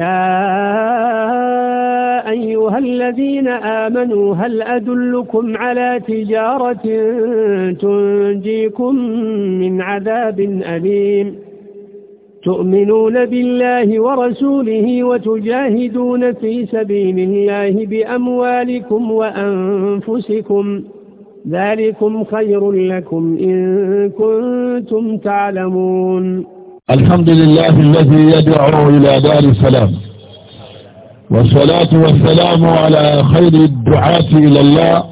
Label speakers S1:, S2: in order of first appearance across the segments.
S1: يا أيها الذين آمنوا هل أدلكم على تجارة تنجيكم من
S2: عذاب أليم تؤمنون بالله ورسوله وتجاهدون في سبيل الله بأموالكم وأنفسكم ذلكم خير لكم إن كنتم تعلمون
S1: الحمد لله الذي يدعو إلى دار السلام والصلاة والسلام على خير الدعاة إلى الله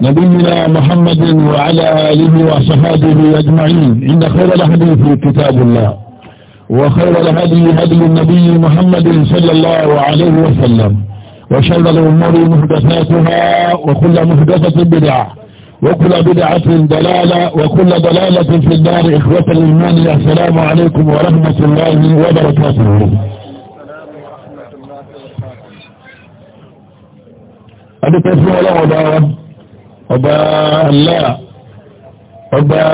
S1: نبينا محمد وعلى آله وصحابه أجمعين إن خير الحديث كتاب الله وخير الهدي هدي النبي محمد صلى الله عليه وسلم وشر الأمور محدثاتها وكل محدثة بدعة وكل بدعة ضلالة وكل ضلالة في الدار إخوة الإيمان السلام عليكم ورحمة الله وبركاته السلام ورحمة الله أبا أبا لا أبا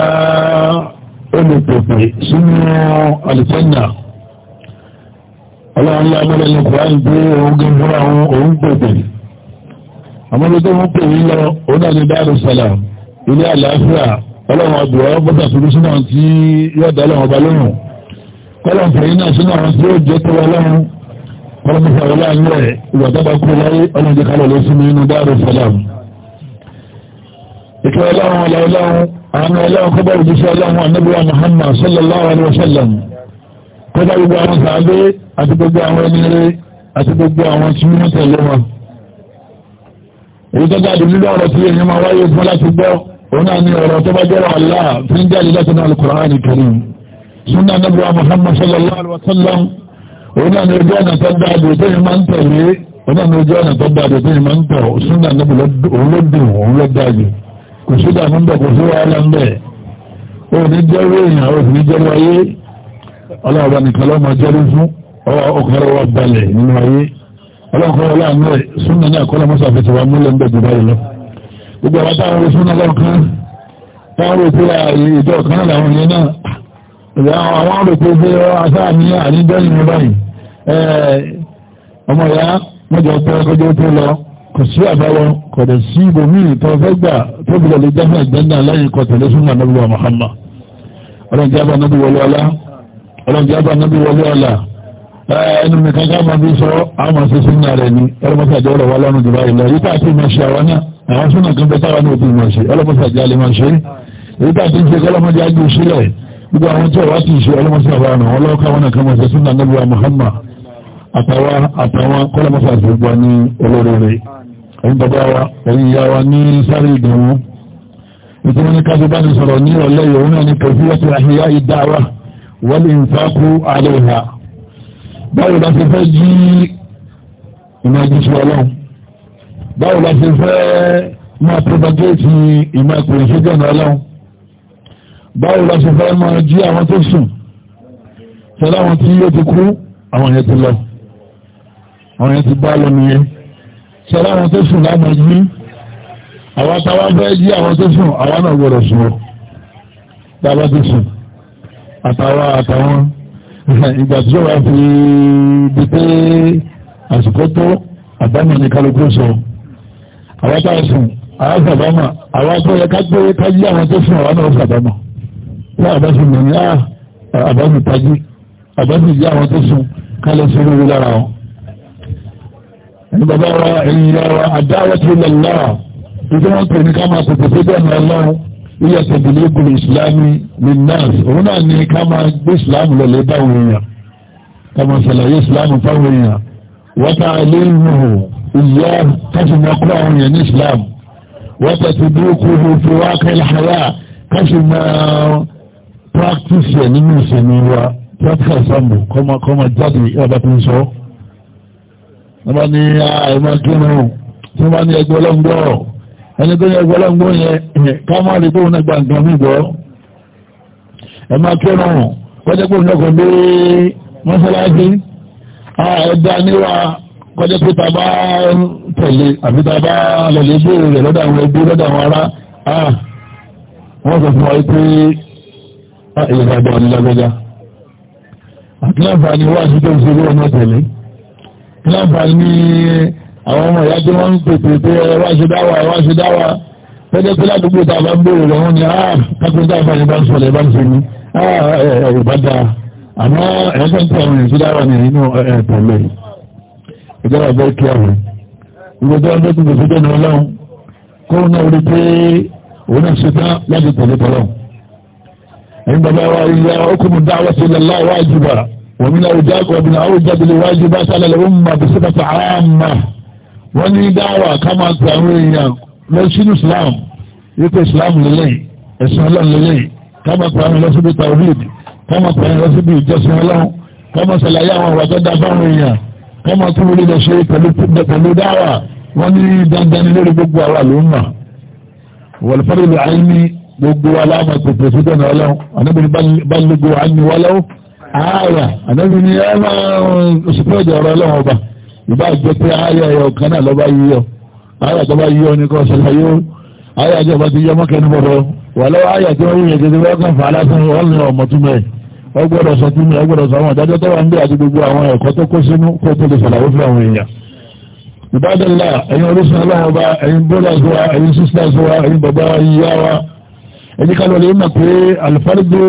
S1: أمتفي سمعوا الجنة الله الله أمر القرآن بي وقفره وقفره àmọ́ni tó ń pè yín lọ òun náà ní Darus Salam ilé àlàáfíà ọlọ́run ọdún ọ̀rọ̀ bọ́tà tòlúsí náà tí yóò dá ọlọ́run ọba lóhùn kọ́lọ́n fẹ̀yìn náà sínú àwọn tí yóò jẹ́ tó wà lọ́run kọ́lọ́n fẹ̀yìn àwọn láàánú rẹ̀ ìwà tó bá kú láyé ọlọ́run jẹ́ kálọ̀ lé sínú inú Darus Salam. ìkẹ́ ọlọ́run ọlá ọlọ́run àánú ọlọ́run kọ́bá òjíṣẹ́ ọlọ́run anábíwá Muhammad sallallahu alayhi wa sallam kọ́bá gbogbo àwọn sàádé èyí tó jáde nínú ọ̀rọ̀ tí èyí máa wáyé fún láti gbọ́ òun náà ni ọ̀rọ̀ tó bá jẹ́rọ àlá fi ń jáde láti náà Al-Qur'an Karim sunna nabi wa Muhammad sallallahu alaihi wa sallam òun náà ni ojú ọ̀nà tó dáadé tó yìí máa ń tẹ̀lé òun náà ni ojú ọ̀nà tó dáadé tó yìí máa ń tọ̀ sunna nabi òun ló dùn òun ló dáadé kò sí dàmú bẹ̀ kò sí wàhálà ń bẹ̀ òní jẹ́rú èèyàn ọlọ́kọ̀ọ́ láàánú ẹ̀ súnà náà kọ́lá mọ́sà fẹsẹ̀ wà múlẹ̀ ńbẹ̀ jù báyìí lọ. gbogbo àwọn táwọn ọ̀rọ̀ súnà lọ́kàn táwọn rò pé ìjọ kan làwọn yẹn náà ìyá àwọn rò pé pé asáà ní àníjọ́ ìlú báyìí ọmọ ìyá mọ́jọ pé ọjọ́ tó lọ kò sí àbáwọ kò dẹ̀ sí ibòmíì tó fẹ́ gbà tó fi lọ lè jẹ́ ẹnu mi kankan máa bí sọ àwọn àṣẹṣe ńlá rẹ ni ọlọmọsàdé ọ̀rọ̀ wa lọ́rùn jùlọ ìlọ yìí tá a ti máa ṣe àwa náà àwọn súnà kan bẹ táwa náà ti máa ṣe ọlọmọsàdé alẹ máa ṣe èyí tá a ti ń ṣe kọlọmọdé ajú sílẹ̀ gbogbo àwọn tí ọwá ti ṣe ọlọmọsàdé àwọn ọlọ́ọ̀ká wọn náà kan máa ṣe súnà nílùú Muhammad àtàwọn àtàwọn kọlọmọsàdé gbogbo ní olóore ẹ̀yin báwo la ṣe fẹ́ yí ìmọ̀ ìjísí ọlọ́run báwo la ṣe fẹ́ máa propagate ìmọ̀ ìpìlẹ̀ ṣẹ́jọ́nà ọlọ́run báwo la ṣe fẹ́ máa jí àwọn tó sùn tẹ́lá àwọn tí yóò ti kú àwọn yẹn ti lọ àwọn yẹn ti bá lọ nìyẹn tẹ́lá àwọn tó sùn láwọn yí àwọn táwọn fẹ́ jí àwọn tó sùn àwọn náà gbọ́dọ̀ sùn ọ́ tá ti sùn àtàwọn àtàwọn ìgbà tí wọ́n fi di pé àsìkò tó àbámọ̀ ní kálukú sọ àwọn táwọn sùn àwọn sàbámọ̀ àwọn akọ́yẹ kágbé kájí àwọn tó sùn àwọn náà sàbámọ̀ wọ́n àbáṣe mọ̀ ní ah, àbáṣe tají àbáṣe jẹ́ àwọn tó sùn kálẹ̀ sí rúru lára wọn. ẹni bàbá wa ẹ̀yìn yára adáwọ̀ tó lọ́lá ìdí wọn pè ní ká máa tètè sí bẹ́ẹ̀ ní ọlọ́run wíyà sẹ̀bìlì ìkùrù ìsìlámì ní nas òun náà ní ká máa gbé ìsìlámù lọ́lẹ̀ báwọn èèyàn ká máa ṣàlàyé ìsìlámù fáwọn èèyàn wọ́tà àléhùn ìyá káṣímọ́ kúrò àwọn èèyàn ní ìsìlámù wọ́tà ti dúkú fi wá kẹ́lẹ́ àyà káṣímọ́ practice ẹ̀ nínú ìsẹ̀mí wa practical sambo kọ́mọ jáde ọba tó ń sọ ọ́ wọ́n bá ní àìmọ́ ah, kírun tí wọ́n bá ní ẹgbẹ́ ọlọ́ngbọ́ọ̀ ẹni tó yẹ gbọ́lá gbọ́ yẹn ká má rí tó náà gbàǹgbà mí gbọ́ ẹ máa kí ọ̀nà wọn kọjá pé òun ọkọ̀ lórí mọ́sálásí ẹ̀dá níwá kọjá pé ta bá tẹ̀lé àbí ta bá lọ̀lẹ́ ìbéèrè rẹ̀ lọ́dọ̀ àwọn ẹbí lọ́dọ̀ àwọn ará wọ́n sọ fún wa pé ìyẹn àgbà ní lágbẹ́já àti láǹfààní wá sí tó ń ṣe lórí ọmọ tẹ̀lé láǹfààní àwọn ọmọ ìyá tí wọ́n ń pèpè pé ẹ wá ṣe dáwà ẹ wá ṣe dáwà pẹ́ẹ́dẹ́ pé ládùúgbò tá a bá ń béèrè rẹ̀ wọ́n ni ah kápẹ́ńtà àfààní bá ń sọ̀rọ̀ ẹ bá ń ṣe ní ah ẹ̀rù bá dáa àmọ́ ẹ̀ẹ́dẹ́ tí àwọn èèyàn ṣe dáwà ní inú ẹ̀ẹ́dẹ̀lẹ̀ ìjọba bẹ́ẹ̀ kí àwọn ìgbẹ́jọ́ ọdún tó fi dẹ́nu ọlọ́run kó náà rí pé òun náà ṣe tán láti tẹ̀lé tọ́lọ́ ẹ̀yin bàbá wa ìyá okùnrin dáwọ́ sí ilẹ̀ láì wájú bá wọ́n mi náà ò jáde lè wájú bá sálẹ̀ lè ó mà bí sípàtà àmà wọ́n ní dáwà ká máa pe àwọn èèyàn lọ sínú islam wípé islam lélẹ́yìn ẹ̀sìn ọlọ́run lélẹ́yìn ká máa pe àwọn lọ́síbi tawhid ká máa pe àwọn lọ́síbi ìjọsìn ọlọ́run ká máa ṣàlàyé àwọn ọ̀rọ̀ tó dá fáwọn èèyàn ká máa tún lórí lọ ṣe pẹ̀lú dáwà wọ́n ní dandan lórí gbogbo àwa ló ń mà wọ̀lùfọ́lù ló àyín ní gbogbo aláàmà pèpè síbẹ̀ náà ọlọ́run ìbá jẹ́ pé ayé ẹ̀yọ kan náà lọ́ba yíyọ ayé àtọ́ba yíyọ ní kọ́ ṣàlàyé ayé àjọ bá ti yọ mọ́kẹ́ni bọ̀dọ̀ wà lọ́wọ́ ayé àti wọ́n yẹn gẹ́gẹ́ wọ́n kàn fà á lásán wọ́n ní ọmọ túmọ̀ ẹ̀ wọ́n gbọ́dọ̀ sọ túmọ̀ ẹ̀ gbọ́dọ̀ sọ àwọn ìdájọ́ tó wà ń bẹ àti gbogbo àwọn ẹ̀kọ́ tó kó sínú kó tó lè ṣàlàyé fún àwọn èèyàn. ìbádọ́lá ẹ̀yin orísun ọlọ́run ọba ẹ̀yin brothers wa ẹ̀yin sisters wa ẹ̀yin bàbá ìyá wa ẹ̀yin kálọ̀ lè mọ̀ pé àlùfáàdù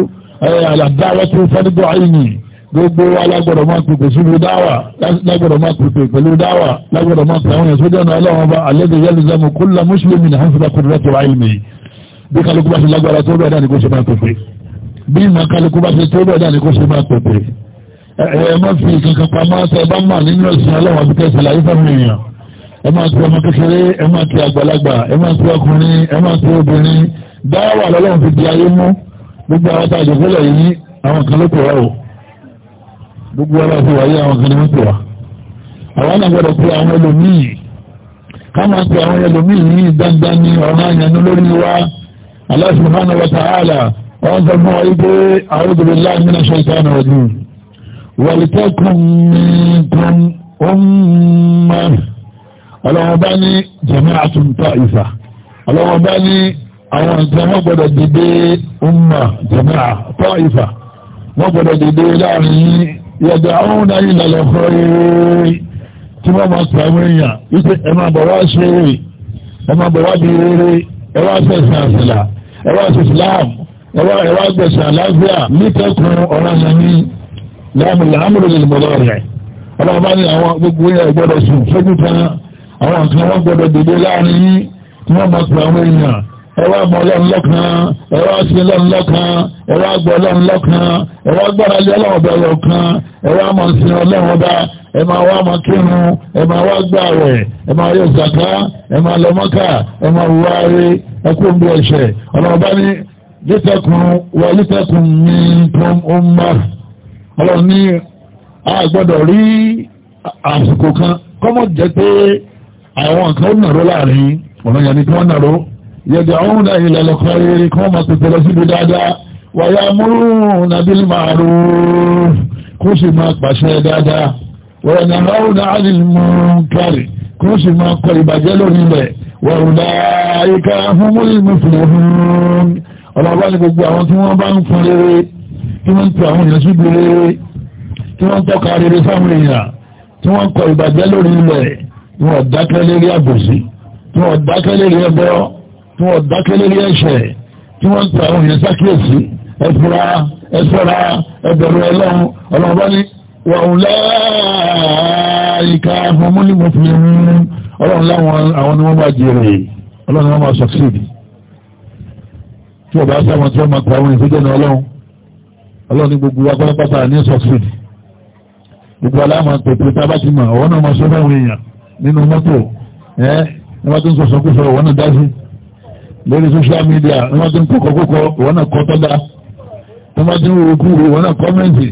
S1: àlàdáwà tó fáàdù àìní gbogbo wa lágbọ́dọ̀ máa pèpè síbi dáwà lágbọ́dọ̀ máa pèpè pẹ̀lú dáwà lágbọ́dọ̀ máa pè àwọn ìṣòjọ́ náà ọlọ́run ọba àlẹ́dẹ̀ yẹlẹ́dẹ́mú kúlá mùsùlùmí ní hàn síbákú rẹ̀tọ̀ àìlmì bí kálukú bá ṣe lágbára tó bẹ́ẹ̀ dáni kó ṣe máa pèpè bí ìmọ̀ kálukú bá ṣe tó bẹ́ẹ̀ dáni kó ṣe máa pèpè ẹ má fi kankan pamọ́ tẹ bá mà nínú ẹ̀sìn ọlọ́run àbíkẹ́ ìṣàlàyé fún èèyàn ẹ máa tu ọmọ kékeré ẹ máa tu àgbàlagbà ẹ máa tu ọkùnrin ẹ máa tu obìnrin dáwà lọ́lọ́run fi di ayé mú gbogbo àwọn tá a jẹ́ fẹ́lẹ̀ yìí àwọn kan ló pè wá o gbogbo ara fi wáyé àwọn kan ní wọ́n pè wá àwọn náà gbọ́dọ̀ pé àwọn ẹlòmíì ká máa pe àwọn ẹlòmíì ní dandan ní ọ̀nà àyànnú lórí wa Allah subhanahu wa ta'ala wọ́n sọ fún wa yí pé a'udhu billahi minash shaitani rajim walitakun minkum ummah ọlọ́wọ́n bá ní jama'atun ta'ifa ọlọ́wọ́n bá ní àwọn ìjọba gbọ́dọ̀ dìde ummah jama'a ta'ifa wọ́n gbọ́dọ̀ dìde láàrin yẹ̀dàáhùn ilẹ̀ lẹ́fọ́ rere tí wọ́n máa pàmò èèyàn wípé ẹ máa bọ̀ wá ṣe rere ẹ máa bọ̀ wá di rere ẹ wá ṣẹ̀ṣẹ̀ àṣìlá ẹ wá ṣe Islam ẹ wá ẹ wá gbẹ̀ṣẹ̀ àlàáfíà nítẹ̀kùn ọ̀rọ̀ àyàní láàmù láàmù lè mọ̀lọ́ rẹ̀ ọlọ́run bá ní àwọn gbogbo yẹn gbọ́dọ̀ sùn sójú kan àwọn kan wọ́n gbọ́dọ̀ dèdè láàrin yín tí wọ́n máa pàmò èèyàn ẹwà mọ̀ ọlọ́run lọ́kàn ẹwà sí ọlọ́run lọ́kàn ẹwà gbọ́ ọlọ́run lọ́kàn ẹwà gbọ́ra lé ọlọ́run ọba lọ́kàn ẹwà mọ̀ sí ọlọ́run ọba ẹ máa wá máa kírun ẹ máa wá gbà rẹ̀ ẹ máa yọ zàká ẹ máa lọ mọ́kà ẹ máa wá ọba ní lítẹ̀kùn wà lítẹ̀kùn ní pọ́n ọmọ ọlọ́run ní a gbọ́dọ̀ rí àsìkò kan kọ́mọ̀ jẹ́ pé àwọn kan nàró láàrin ọ̀nà yẹn ni kí wọ́n nàró yad'una إلى al-khayri kí wọ́n máa pèsè lọ síbi dáadáa wa ya'muruna bil ma'ruf kó sì máa pàṣẹ dáadáa wa yanhauna 'anil munkar kó sì máa kọ ìbàjẹ́ lórí ilẹ̀ wa ulaika humul muflihun ọlọ́ọ̀bá ni gbogbo àwọn tí wọ́n bá ń fún rere tí wọ́n ń tu àwọn èèyàn síbi tí wọ́n ń tọ́ka rere fáwọn èèyàn tí wọ́n ń kọ ìbàjẹ́ lórí ilẹ̀ wọn ò dákẹ́ lérí àbòsí wọn ò dákẹ́ lérí ẹbọ tí wọ́n dákẹ́ lórí ẹ̀ṣẹ̀ tí wọ́n ń ta àwọn èèyàn sákìyèsí ẹ̀fúra ẹ̀fúra ẹ̀bẹ̀rù ọlọ́run ọlọ́run bá ní wọ́n láàyíká fọmúlìmọ̀ fún ọlọ́run láwọn àwọn ni wọ́n bá jèrè ọlọ́run ni wọ́n máa sọ̀kìdì tí ọba sáwọn tí wọ́n máa pa àwọn ìfúnjẹ́ ní ọlọ́run ọlọ́run ní gbogbo agbápátá ní sọ̀kìdì gbogbo aláàmà pèpè tá a bá ti mọ̀ ọ̀wọ́n náà máa sọ fáwọn èèyàn nínú mọ́tò ẹ́ ẹ bá tó ń ọ̀wọ́n náà dá sí lórí social media ní wọ́n ti ń kọ́kọ́ kọ́kọ́ ìwọ́n náà kọ́ tọ́da ní wọ́n ti ń wo okú ìwọ́n náà kọ́mẹ́ǹtì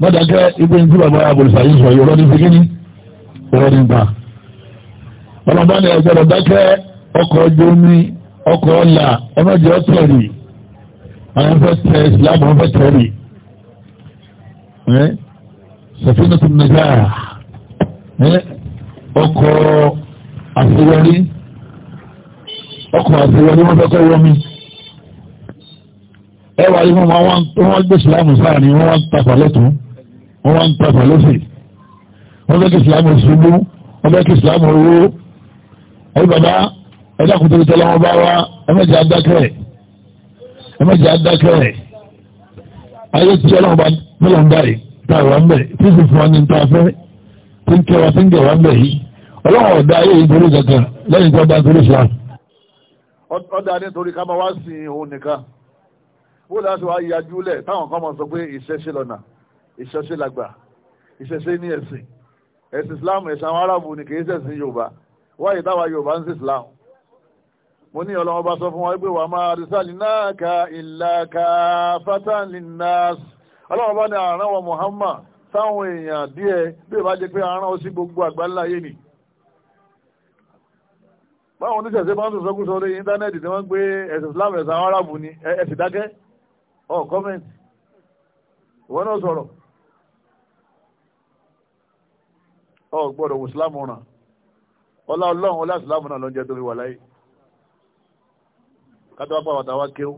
S1: mọ́dàkẹ́ ibi ní bàbá àbòrìṣà yìí sọ yọ̀rọ̀ ní sikini ọ̀rọ̀ ní gbà. ọlọ́ba ni ẹgbẹ́rún dákẹ́ ọkọ̀ ojú omi ọkọ̀ ọ̀la ọmọdé ọ̀tẹ̀rì àwọn fẹ́ tẹ ìsìlámù wọn fẹ́ tẹ̀rì. sọfínà tó nàjà ọkọ̀ àṣeyọrí ọkọ̀ àti ìwọ ni wọ́n fẹ́ kọ́ wọ́mi ẹ wà ní wọn wọn gbé ìsìlámù sáàrin wọn wá ń tapà lọ́tún wọn wá ń tapà lọ́sẹ̀ wọn fẹ́ kí ìsìlámù ṣubú wọn fẹ́ kí ìsìlámù owó ẹ̀rí bàbá ẹ̀dá kùtùkù tẹ́lẹ̀ wọn bá wa ẹ̀mẹ́jẹ̀ adákẹ́ ẹ̀mẹ́jẹ̀ adákẹ́ ayé tí ọlọ́run bá mílíọ̀nù báyìí tá a wà ń bẹ̀ tí sì fún wa ní ta fẹ́ tí ń kẹwàá tí ń kẹwàá ń bẹ̀ yìí ọlọ́run ọ̀dà ayé ìgboro kankan lẹ́yìn tó dá torí ìsìlámù
S2: ọ̀dà nítorí ká máa wá sin òun nìkan bó láti wá yajú lẹ̀ táwọn kan máa sọ pé ìṣẹ̀ṣe lọ́nà ìṣẹ̀ṣe làgbà ìṣẹ̀ṣe ní ẹ̀sìn ẹ̀sìn islam ẹ̀sìn àwọn arábù ni kì í ṣẹ̀sìn yorùbá wáyé táwa yorùbá ń sí islam mo ní ọlọ́wọ́ bá sọ fún wa pé wà máa rìsáàlì náà ka ìlà ka fátánlì náà ọlọ́wọ́ bá ní àrán wa muhammad sáwọn èèyàn díẹ̀ bí ìbá jẹ́ pé àrán ó sí gbogbo àgbáńlá yé nìí báwọn oníṣẹ̀ṣe máa ń sọ̀sọ́kúsọ lórí íńtánẹ́ẹ̀tì tí wọ́n gbé ẹ̀sìn Islam ẹ̀sìn àwọn arábù ni ẹ̀sìn dákẹ́ ọ̀ kọ́mẹ̀ntì ìwọ náà sọ̀rọ̀ ọ̀ gbọ́dọ̀ wò Islam ràn ọlá ọlọ́run ọlá Islam náà ló ń jẹ́ torí wà láyé kátó wá pàwọ́tà wá kéwù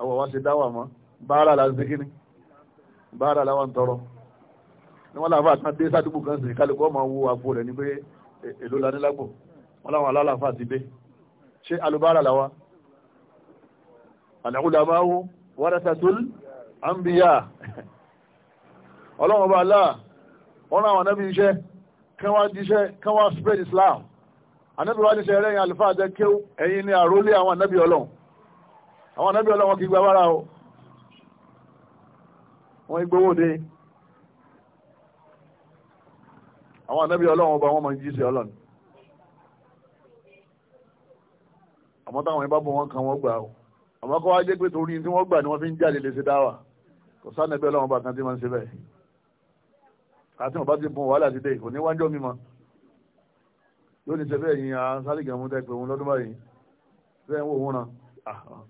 S2: àwọn wá ṣe dáwà mọ́ báárà là ń ṣe kíní báárà làwọn ń tọrọ ni wọ́n láfa àtúntà dé sádùkù kan sì kálukú ọmọ wo àgbo rẹ̀ ní pé èlò lanílágbò ọláwọn alálàáfà ti dé ṣe alubára làwá àdàkùdàmáwó warasatul anbiya ọlọ́wọ́n bá aláà wọ́n náà wọn náà bí iṣẹ́ kánwá jíṣẹ́ kánwá spread islam anábì wá níṣẹ́ ẹ̀rẹ́yìn àlùfáà jẹ́ kéw ẹ̀yìn ni àrólé àwọn anábì ọlọ́run àwọn anábì ọlọ́run kì í gba bára o wọ́n gbowó de àwọn anábì ọlọ́run ọba wọn mọ̀ jíṣẹ́ ọlọ́run àmọ́ táwọn yẹn bá bọ̀ wọ́n kan wọ́n gbà o àmọ́ kọ́ wá jẹ́ pé torí tí wọ́n gbà ni wọ́n fi ń jáde lè ṣe dáwà kò sáà nẹ́bẹ̀ ọlọ́run bá kan tí máa ń ṣe bẹ́ẹ̀ àti wọn bá ti bọ̀ wàhálà ti dé kò ní wájọ́ mi mọ́ yóò ní sẹ́fẹ́ yìí à ń sáré gẹ̀mú tẹ́ pé òun lọ́dún báyìí bẹ́ẹ̀ wò wọ́n ràn ah, ah.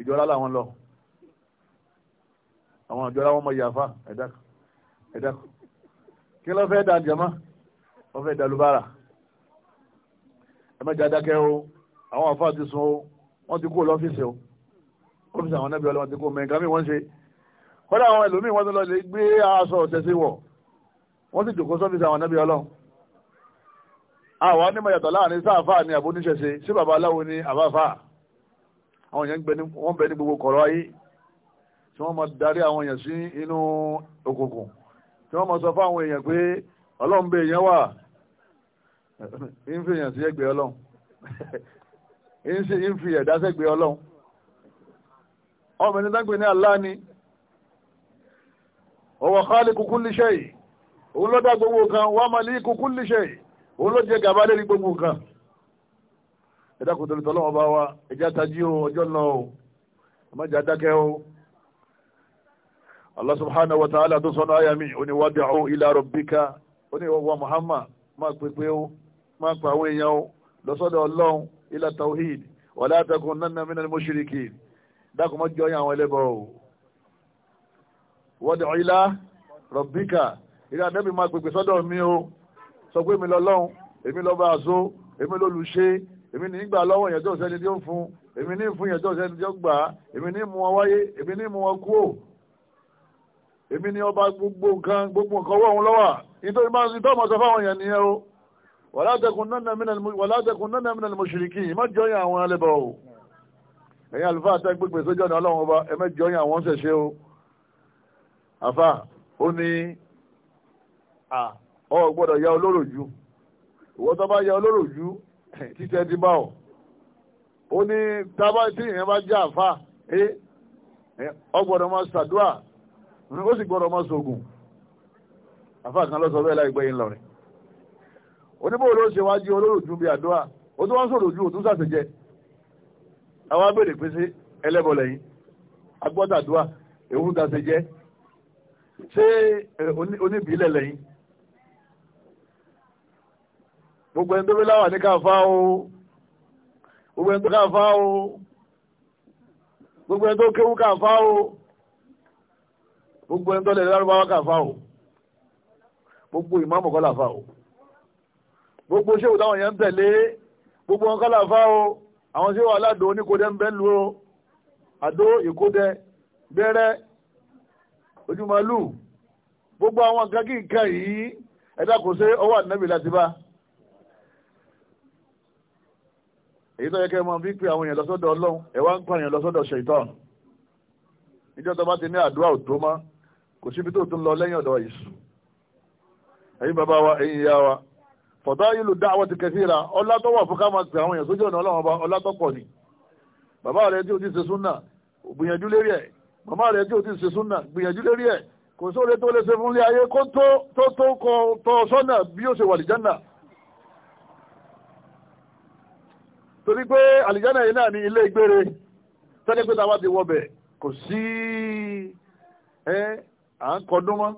S2: ìjọra làwọn lọ àwọn ìjọra wọn mọ ẹ má jẹ́ adákẹ́ o àwọn àfa ti sun o wọ́n ti kó lọ́fíìsì o ọ́fíìsì àwọn anábìyàn ọlọ́wọ́n ti kó mẹ́ǹkà mí wọ́n ṣe kọ́dà àwọn ẹlòmíì wọ́n ti lọ lè gbé aṣọ ọ̀tẹ̀ wọ̀ wọ́n sì jòkó sọ́fíìsì àwọn anábìyàn ọlọ́wọ́n àwọn onímọ̀ yàtọ̀ láàrin sáàfà ni àbóníṣẹ́ṣe sí bàbá aláwo ni àbáfà àwọn èèyàn wọ́n bẹ ní gbogbo kọ̀rọ̀ ayé tí wọ́n máa darí àwọn èèyàn sí inú òkùnkùn tí wọ́n máa sọ fún èèyàn pé ọlọ́run bẹ èèyàn wà ń fi èèyàn sí ẹgbẹ́ ọlọ́run ń fi ẹ̀dá sẹ́gbẹ́ ọlọ́run ọmọ ẹni dágbé ní Allah ni ọwọ́ khaliqu kulli shay òun ló dá gbogbo kan wa maliku kulli shay òun ló jẹ gàba lérí gbogbo kan ẹ̀dá kò tẹ̀lé tọ́lọ́wọ́ bá wa ẹ̀já tají o ọjọ́ lọ o ọmọdé adákẹ́ o Allah subhanahu wa ta'ala tó sọ́nà ayami ó ní wad'u ila rabbika ó ní ìwọ̀wọ̀ Muhammad máa pèpè o máa pa àwọn èèyàn o lọ́sọ́dọ̀ ọlọ́run ila tawhid wala takunanna minal mushrikin dákun mọ́ jọyìn àwọn ẹlẹ́bọ̀ o wọ́dọ̀ ila rabbika ìrìn àdẹ́bì máa pèpè sọ́dọ̀ mi o sọ pé èmi lọ́lọ́run èmi lọ́ba àṣọ èmi lólùṣe èmi ní gbà lọ́wọ́ ìyẹn tó sẹ́ni tí ó fún èmi ní fún ìyẹn tó sẹ́ni tí ó gbà èmi ní mú wọn wáyé èmi ní mú wọn kú ò èmi ní ọba gbogbo nǹkan gbogbo nǹkan wọ́n lọ́wà nítorí máa wala takunanna minal mushrikin má jọyìn àwọn alẹ́bọ̀ o ẹ̀yin àlùfáà tẹ́ gbégbé sójú ọ̀nà ọlọ́run ọba ẹ má jọyìn àwọn ṣẹ̀ṣẹ̀ o àfà ó ní ọ gbọ́dọ̀ ya olóró jù ìwọ tó bá ya olóró jù títẹ́ ti bá ọ ó ní tábà tí ìyẹn bá já àfà ọ gbọ́dọ̀ máa ṣàdúrà ó sì gbọ́dọ̀ máa ṣògùn àfà kan lọ bẹ́ẹ̀ láìpẹ́ yìí ńlọrin oníbò ló ṣe wájú olóròjú bíi àdúrà ó tún wọ́n sọ̀rọ̀ ojú òtún sàṣẹjẹ àwọn abèrè pé sí ẹlẹ́bọ lẹ́yìn agbọ́dàdúrà èwú sàṣẹjẹ ṣé oníbìílẹ̀ lẹ́yìn gbogbo ẹni tó fi láwà ní káfá o gbogbo ẹni tó káfá o gbogbo ẹni tó kéwú káfá o gbogbo ẹni tó lè lárúbáwá káfá o gbogbo ìmáàmù kọ́ làfá o gbogbo ṣéwù táwọn èèyàn ń tẹ̀lé gbogbo wọn kálàfà o àwọn ṣéwù aládò oníkódé ń bẹ́ lu o àdó ìkódé bẹ́rẹ́ ojúmọ́lù gbogbo àwọn nǹkan kí nǹkan yìí ẹ̀dá kò ṣe ọwọ́ ànábì láti bá. èyí tó yẹ kẹ́ ẹ máa fi pe àwọn èèyàn lọ́sọ́dọ̀ ọlọ́run ẹ wá ń pa èèyàn lọ́sọ́dọ̀ ṣèitán níjọ́ tó bá ti ní àdúrà òtó mọ́ kò síbi tó tún lọ lẹ́yìn ọ̀dọ̀ ìsù wa ẹ̀yin fọ̀dá ìlú dáwọ́ ti kẹsíra ọlá tó wà fún ká máa pè àwọn èèyàn sójú ọ̀nà ọlọ́run ọba ọlá tó pọ̀ ni bàbá rẹ tí o ti ṣe súnà gbìyànjú lérí ẹ̀ màmá rẹ tí o ti ṣe súnà gbìyànjú lérí ẹ̀ kò sóore tó lè ṣe fún ilé ayé kó tó tó kọ tọ sọ́nà bí ó ṣe wà àlìjánà torí pé àlìjánà yìí náà ní ilé ìgbére tẹ́lẹ̀ pé táwa ti wọbẹ̀ kò sí ẹ́ à ń kọdún mọ́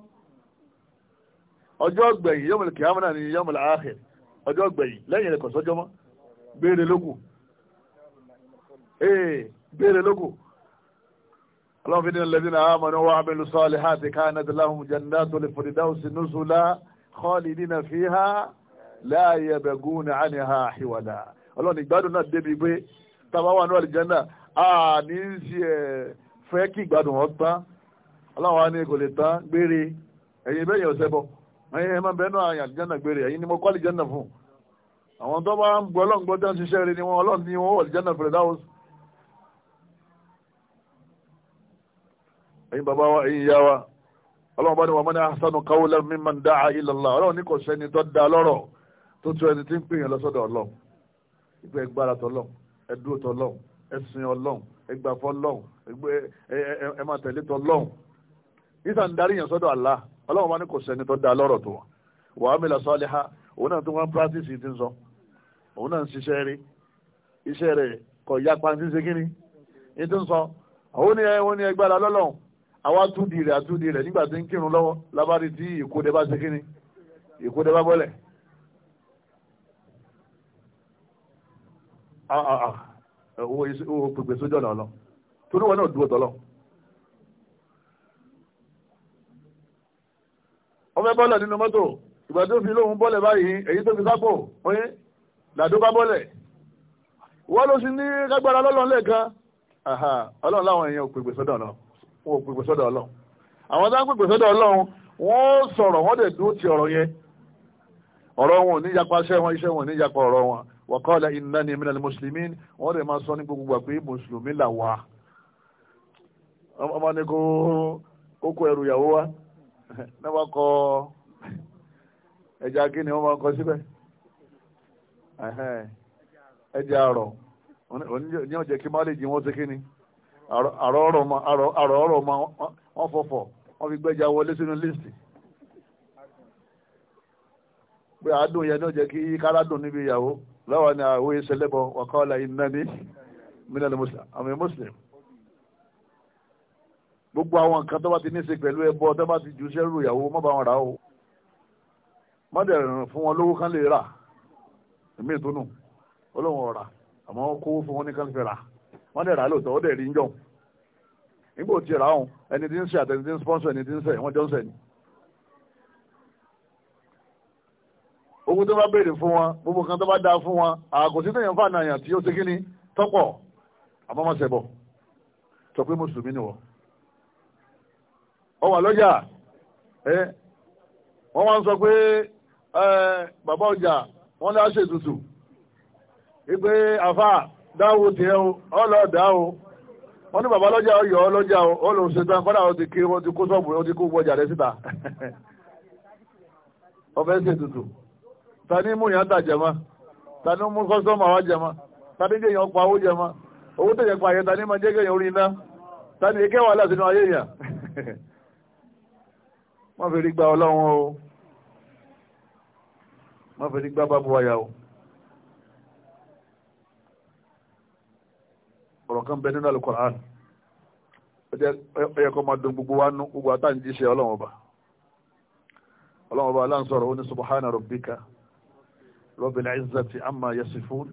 S2: ọjọ́ ọgbẹ̀yìn yọ́mọ̀lẹ̀ kìámọ́ náà ni yọ́mọ̀lẹ̀ ààrẹ ọjọ́ ọgbẹ̀yìn lẹ́yìn rẹ̀ kọ̀sọ́jọ́ mọ́ béèrè lókù ee béèrè lókù ọlọ́run fi ní ẹlẹ́dín náà àmọ́ ní wọ́n á mẹ́lú sọ́ọ̀lì ha ti káyọ̀ náà láhùn jẹ́ndá tó lè fòdìdá òsì nùsùlá kọ́ọ̀lì nínà fi ha láàyè bẹ̀gùn ní àní ha àhíwàdà ọlọ́run ìgbádùn náà débi pé táwa wà ní àlìjẹ́ndà a ní í ṣe fẹ́ kí ìgbádùn ọ̀ tán ọlọ́run wa ní kò lè tán gbére ẹ̀yin bẹ́yìn ọ̀sẹ̀ bọ̀ ẹ̀yin ẹ̀ máa bẹ̀rẹ̀ náà àyàn àlìjánà gbére ẹ̀yin ni mo kọ́ àlìjánà fún àwọn tó bá ń gbọ́ ọlọ́run gbọ́ tó ń ṣiṣẹ́ rẹ ni wọn ọlọ́run ni wọn wọ àlìjánà fèrè dáwọ́sì. ẹ̀yin bàbá wa ẹ̀yin ìyá wa ọlọ́run bá ní wa man ahsanu qawlan mimman da'a ila Allah ọlọ́run ní kò sẹ́ni tó da lọ́rọ̀ tó tu ẹni tí ń pèèyàn lọ́sọ̀dọ̀ ọlọ́run ìgbẹ́ ẹgbára tọlọ́run ẹdúró tọlọ́run ẹsìn ọlọ́run ẹgbàfọ́ ọlọ́run ẹ máa tẹ̀lé Allah ọlọ́run bá ní kò sẹ́ni tó da lọ́rọ̀ tó wọn wàá mìlá sọ́ọ́lẹ́há òun náà tó wọ́n practice ti ń sọ òun náà ń ṣiṣẹ́ rí iṣẹ́ rẹ̀ kọ̀ ya pàǹtí ṣe kí ni ní tó ń sọ àwọn ní ẹ̀wọ̀n ní ẹgbẹ́ alọ́lọ́run àwa túndì rẹ̀ àtúndì rẹ̀ nígbà tí ń kírun lọ́wọ́ lábárí tí ìkóde bá ṣe kí ni ìkóde bá bọ́lẹ̀. Ah, ah, ah. owó pèpè sójú ọ̀nà ọ̀lọ́ torí wọn náà dúró tọ́lọ́ ọfẹ́ bọ́lẹ̀ nínú mọ́tò ìgbà tó fi lóhun bọ́lẹ̀ báyìí èyí tó fi sápò oye làdó bá bọ́lẹ̀ wọ́n ló sì ní kágbára lọ́lọ́n lẹ́ẹ̀kan ọlọ́run láwọn èèyàn ò pèpè sọ́dọ̀ ọlọ́run wọn ò pèpè sọ́dọ̀ ọlọ́run àwọn tá ń pèpè sọ́dọ̀ ọlọ́run wọ́n sọ̀rọ̀ wọ́n dẹ̀ dúró ti ọ̀rọ̀ yẹn ọ̀rọ̀ wọn ò ní yapa iṣẹ́ wọn iṣẹ́ wọn ò ní yapa ọ̀rọ̀ wọn wa qala innani minal muslimin wọ́n dẹ̀ máa sọ ní gbogbo àpé mùsùlùmí là wà ọmọ ní kó kó ẹrù ìyàwó wa náà wọ́n ẹja kí ni wọ́n máa kọ síbẹ̀ ẹja àrọ̀ ní ọ̀jẹ̀ kí má lè jí wọ́n ṣe kí ni àrọ̀ ọ̀rọ̀ ma wọ́n fọ̀fọ̀ wọ́n fi gbẹ́ja wọlé sínú líìsì pé àádùn yẹn náà jẹ́ kí kárádùn níbi ìyàwó lọ́wọ́ ni àwọn ìṣẹ̀lẹ̀bọ̀ wàkọ́ọ̀lá ìnáni mílíọ̀nù Amị mùsùlùmí gbogbo àwọn nǹkan tó bá ti ní ṣe pẹ̀lú ẹbọ tó bá ti jù sẹ́rù ìyàwó má bá wọn rà o má dẹ̀ fún wọn lówó kán lè rà èmi ìtúnú ọlọ́run ọ̀rà àmọ́ kówó fún wọn ní kán fẹ́ rà wọ́n dẹ̀ rà lóòótọ́ ó dẹ̀ rí yàn nígbà tí ra òun ẹni tí ń ṣe àtẹni tí ń sponsor ẹni tí ń ṣe wọ́n jọ ń ṣe ni. owó tó bá béèrè fún wọn gbogbo kan tó bá dáa fún wọn àkòsí tó yẹn fún àná àyàn tí ó ṣe kí ni tọ́pọ̀ àmọ́ má ṣẹbọ sọ pé ọwà lọ́jà ẹ́ wọ́n wá ń sọ pé bàbá ọjà wọ́n dá ṣe tutù wípé àfà dáwò tiẹ̀ o ọlọ́ dá o wọ́n ní bàbá lọ́jà ọyọ̀ ọ o ó ṣe tán kọ́dà kí wọ́n ti kó sọ́ọ̀bù kó gbọ́jà síta ọfẹ́ ṣe tutù mú yàn tà mú kọ́sọ́mù àwa yàn pa owó owó pa yẹn máa jẹ́ iná ayé yàn. wọ́n fi rí gba ọlọ́run o wọ́n fi rí gba bábu wáyà o. ọ̀rọ̀ kan bẹ nínú Al-Qur'an ó yẹ kó máa dùn gbogbo wa nú gbogbo àtàǹjì ṣe ọlọ́run ọba ọlọ́run ọba aláǹsọ̀rọ̀ ó ní subhana rabbika rabbil izzati amma yasifun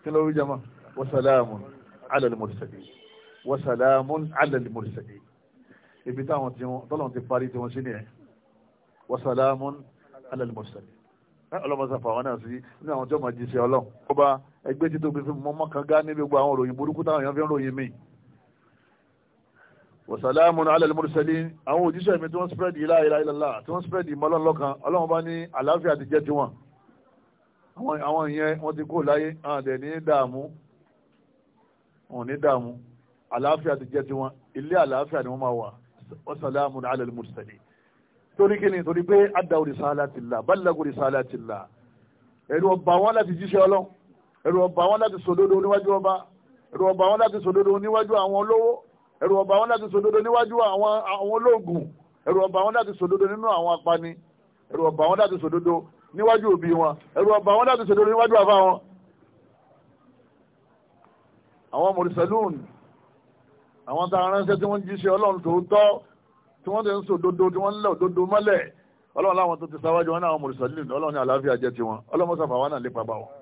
S2: kí ló rí jama wa salamun ala al ibi táwọn tí wọn tọ́lọ̀ ti parí tí wọ́n sí nìyẹn wasalamun alalimọ̀sálì ọlọ́mọsá fàwọn náà sí ní àwọn tí wọ́n máa jíṣẹ́ ọlọ́run ó bá ẹgbẹ́ títí omi fún mọ́mọ́ kan gá níbi gbogbo àwọn òròyìn burúkú táwọn èèyàn fi ń ròyìn mí wasalamun alalimọ̀sálì àwọn òjíṣẹ́ mi tí wọ́n spread ilá ilá ilá tí wọ́n spread ìmọ̀lọ́lọ́kan ọlọ́run bá ní àlàáfíà ti jẹ́ tiwọn àwọn ìyẹn wọ́n ti kó láyé àdẹ̀ ní dààmú wọn ní dààmú àlàáfíà ti jẹ́ tiwọn ilé àlàáfíà ni wọ́n máa wà wasalamu ala mursali torí kí ni torí pé adáwò risalatila balagu risalatila ẹ̀rù ọba wọn láti jíṣẹ́ ọlọ́run ẹ̀rù ọba wọn láti sòdodo níwájú ọba ẹ̀rù ọba wọn láti sòdodo níwájú àwọn olówó ẹ̀rù ọba wọn láti sòdodo níwájú àwọn olóògùn ẹ̀rù ọba wọn láti sòdodo nínú àwọn apani ẹ̀rù ọba wọn láti sòdodo níwájú òbí wọn ẹ̀rù ọba wọn láti sòdodo níwájú àfa wọn àwọn mùrìsàlùmù àwọn tá a ránṣẹ́ tí wọ́n jíṣẹ́ ọlọ́run tòótọ́ tí wọ́n ti ń sọ dodo tí wọ́n ń lẹ̀ òdodo mọ́lẹ̀ ọlọ́run láwọn tó ti sáwájú wọn náà mùsùlùmí ọlọ́run ní àlàáfíà jẹ́ tiwọn ọlọ́run sàfà wọn náà lè pàbà wọn.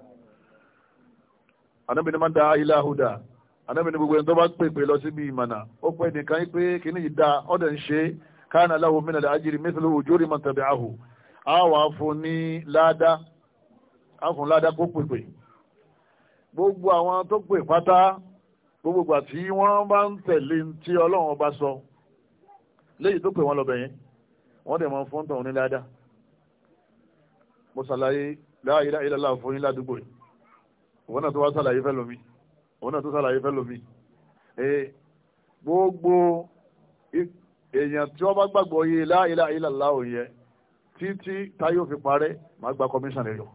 S2: anábìnrin máa ń da ilé ahùdà anábìnrin gbogbo ẹni tó bá pèpè lọ síbi ìmọ̀nà ó pẹ́ nìkan yí pé kíní yìí da ọ̀dẹ̀ ń ṣe káàna lahu min ujuri man tabi'ahu á wà fún ní láàdá á fún láàdá kó pèpè gbogbo àwọn tó pè pátá gbogbo ìgbà tí wọ́n bá ń tẹ̀lé tí ọlọ́run ọba sọ léyìí tó pè wọ́n lọ́bẹ̀ yẹn wọ́n dẹ̀ máa ń fọ́n tọ̀hún dáadáa mo ṣàlàyé la ilaha illallah fún yín ládùúgbò yìí òun náà tó wá ṣàlàyé fẹ́ lómi òun náà tó ṣàlàyé fẹ́ lómi gbogbo èèyàn tí wọ́n bá gbàgbọ́ yé la ilaha illallah òye títí táyọ̀ fi parẹ́ màá gba kọmíṣàn lè yọ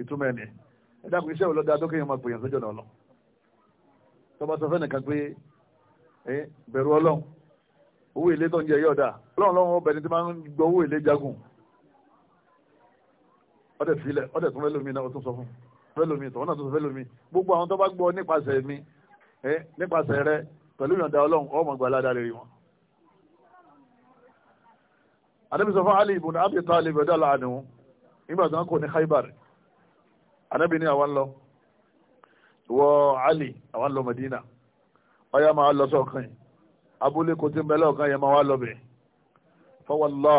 S2: ìtumọ̀ ẹ̀ ní ẹ dákun iṣẹ́ òlọ́dà tó kéèyàn máa pèèyàn sójú ọlọ́run tọba sọ fẹ́nìkan pé bẹ̀rù ọlọ́run owó èlé tó ń jẹ yọ̀ọ̀dà ọlọ́run lọ́wọ́ ọbẹ̀ ni tí máa ń gbọ́ owó èlé jagun ọdẹ filẹ̀ ọdẹ tún fẹ́ lómi náà ó tún sọ fún fẹ́ lómi tọ̀wọ́n náà tún fẹ́ lómi gbogbo àwọn tó bá gbọ́ nípasẹ̀ mi nípasẹ̀ rẹ pẹ̀lú ìyọ̀ǹda ọlọ́run ọmọ ìgbà aládàá rere wọn. Ànábì sọ fún Ali ibùdó Abi Talib ẹ̀dá láàánú nígbà tí wọ́n kò ní Khaibar Ànábì ní àwọn lọ ìwọ Ali àwọn lọ Medina ọyá máa lọ sọ́kàn yìí abúlé kò tí ń bẹ lọ́ọ̀kan yẹn máa wá lọ bẹ̀ fọwọ́lá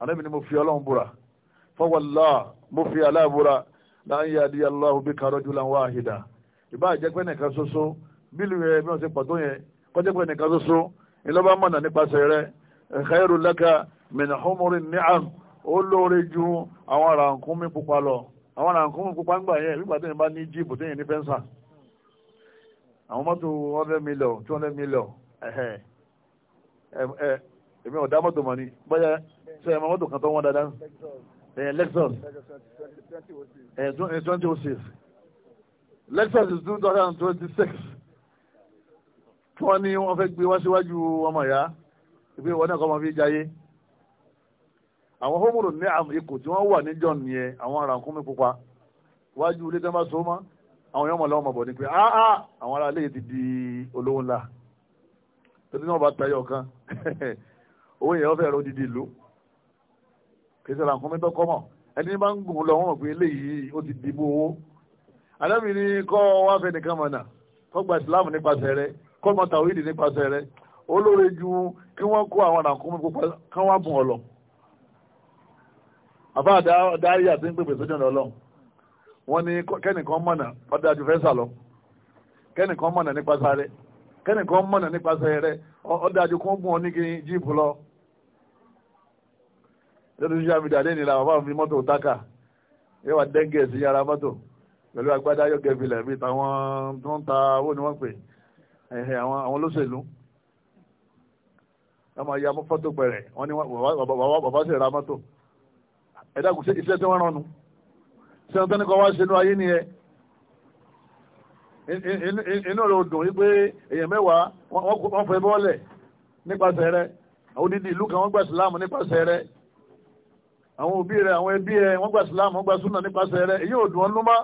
S2: àlẹ́ mi ni mo fi ọlọ́run búra fọwọ́lá mo fi aláàbúra láyé adíyà lọ́hùn bí kan rọ́jú láwọn àhìdá ìbá àjẹpẹ́ nìkan ṣoṣo bílù yẹn bí wọ́n ṣe pọ̀ tó yẹn kọ́jẹ́pẹ́ nìkan ṣoṣo ìlọ́ba mọ̀nà nípasẹ̀ rẹ̀ khairu laka min humuri ni'am ó lóore ju àwọn ará nkúmi pupa lọ àwọn àǹkóhùn pupa ń gbà yẹn nígbà tẹ́yìn bá ní jíìpù tẹ́yìn ní fẹ́ǹsà àwọn mọ́tò hundred million two hundred million ẹ̀hẹ̀ ẹ̀ èmi ọ̀dá mọ́tò mọ̀ ni bóyá ṣe ẹ̀ma mọ́tò kan tó wọ́n dáadáa ẹ̀ Lexus ẹ̀ twenty oh six Lexus is two thousand and twenty six tí wọ́n ní wọ́n fẹ́ gbé wá síwájú ọmọ ìyá ìgbé wọn náà kọ́ ọmọ fi jayé àwọn hómùrù ní ipò tí wọ́n wà níjọ́ nìyẹn àwọn arákùnmí pupa wájú ilé tí wọ́n bá so mọ́ àwọn yọmọ lọ́wọ́ mọ̀ bọ̀ ni pé áá àwọn ará léyìí ti di olówó ńlá torí náà bá tayọ kan owó yẹn wọ́n fẹ́ ro dídì ìlú kì í ṣe arákùnmí tó kọ́ mọ̀ ẹni bá ń gùn lọ wọ́n mọ̀ pé eléyìí ó ti di bó owó alábìnrin kọ́ wá fẹ́ nìkan mọ̀nà kọ́ gba ìsìláàmù nípasẹ̀ rẹ̀ kọ́ àbá àdáyé àti ń pèpè sójú ọ̀nà ọlọ́run wọ́n ní kẹ́nìkan mọ̀nà ọdẹ àjùfẹ́sà lọ kẹ́nìkan mọ̀nà nípasẹ̀ rẹ kẹ́nìkan mọ̀nà nípasẹ̀ rẹ ọdẹ àjùkún gùn onígi jíìpù lọ. lórí social media lẹ́yìn ìlànà bàbá mi mọ́tò táka yóò wá dẹ́ngẹ̀ sí yàrá mọ́tò pẹ̀lú agbádá yóò gẹ̀fìlẹ̀ bíi táwọn tó ń ta owó ni wọ́n pè àwọn olóṣèlú wọ́n máa ya fọ́tò pẹ̀rẹ̀ wọ́n ní bàbá sì ra mọ́tò ẹ̀dá kò sí iṣẹ́ tí wọ́n rán nu ṣé wọ́n tẹ́ni kọ́ wá ṣe ní ayé ni ẹ inú rẹ̀ dùn wípé èèyàn mẹ́wàá wọ́n fẹ́ bọ́ọ̀lẹ̀ nípasẹ̀ rẹ̀ àwọn odidi ìlú kan wọ́n gba ìsìláàmù nípasẹ̀ rẹ̀ àwọn òbí rẹ̀ àwọn ẹbí ẹ̀ wọ́n gba ìsìláàmù wọ́n gba súnà nípasẹ̀ rẹ̀ èyí ò dùn ọ́n lúmọ́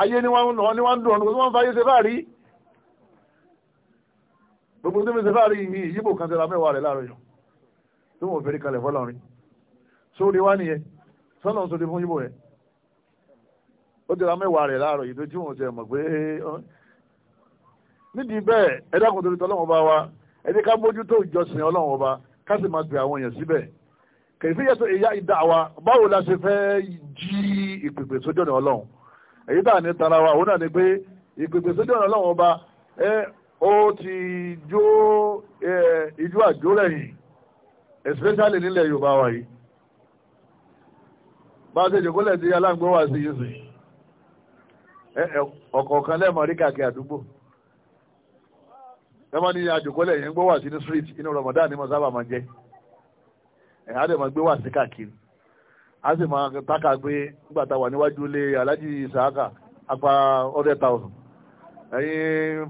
S2: ayé ni wọ́n ní wọ́n dùn ọ́n wọ́n fa ayé ṣe fáàrí gbogbo sórí wá nìyẹn sọ́nà ń sọdí fún yíbò yẹn ó dira mẹ́wàá rẹ̀ láàárọ̀ yìí tó tí wọ́n ti mọ̀ pé nídìí bẹ́ẹ̀ ẹ dákun torí tọ́lọ́wọ́n bá wa ẹ ní ká mójútó ìjọsìn ọlọ́run ọba ká sì máa pe àwọn èèyàn síbẹ̀ kèfíyẹ tó ìyá ìdá wa báwo la ṣe fẹ́ jí ìpèpè sójú ọ̀nà ọlọ́run èyí tá à ní tara wa òun náà ni pé ìpèpè sójú ọ̀nà ọlọ́run ọba ẹ ó ti jó ìjú àjò lẹ́yìn especially nílẹ̀ yorùbá wa yìí bá ṣe ti sí aláǹgbó wà sí yìí ọ̀kọ̀ọ̀kan lẹ́mọ̀ rí kàkẹ́ àdúgbò lẹ́mọ̀ ní àjòkólẹ̀ yẹn sí ní street inú Ramadan ni mo sábà máa ń jẹ́ á dẹ̀ máa gbé wà sí káàkiri á sì máa tákà gbé a wà níwájú ilé Alhaji famili apá hundred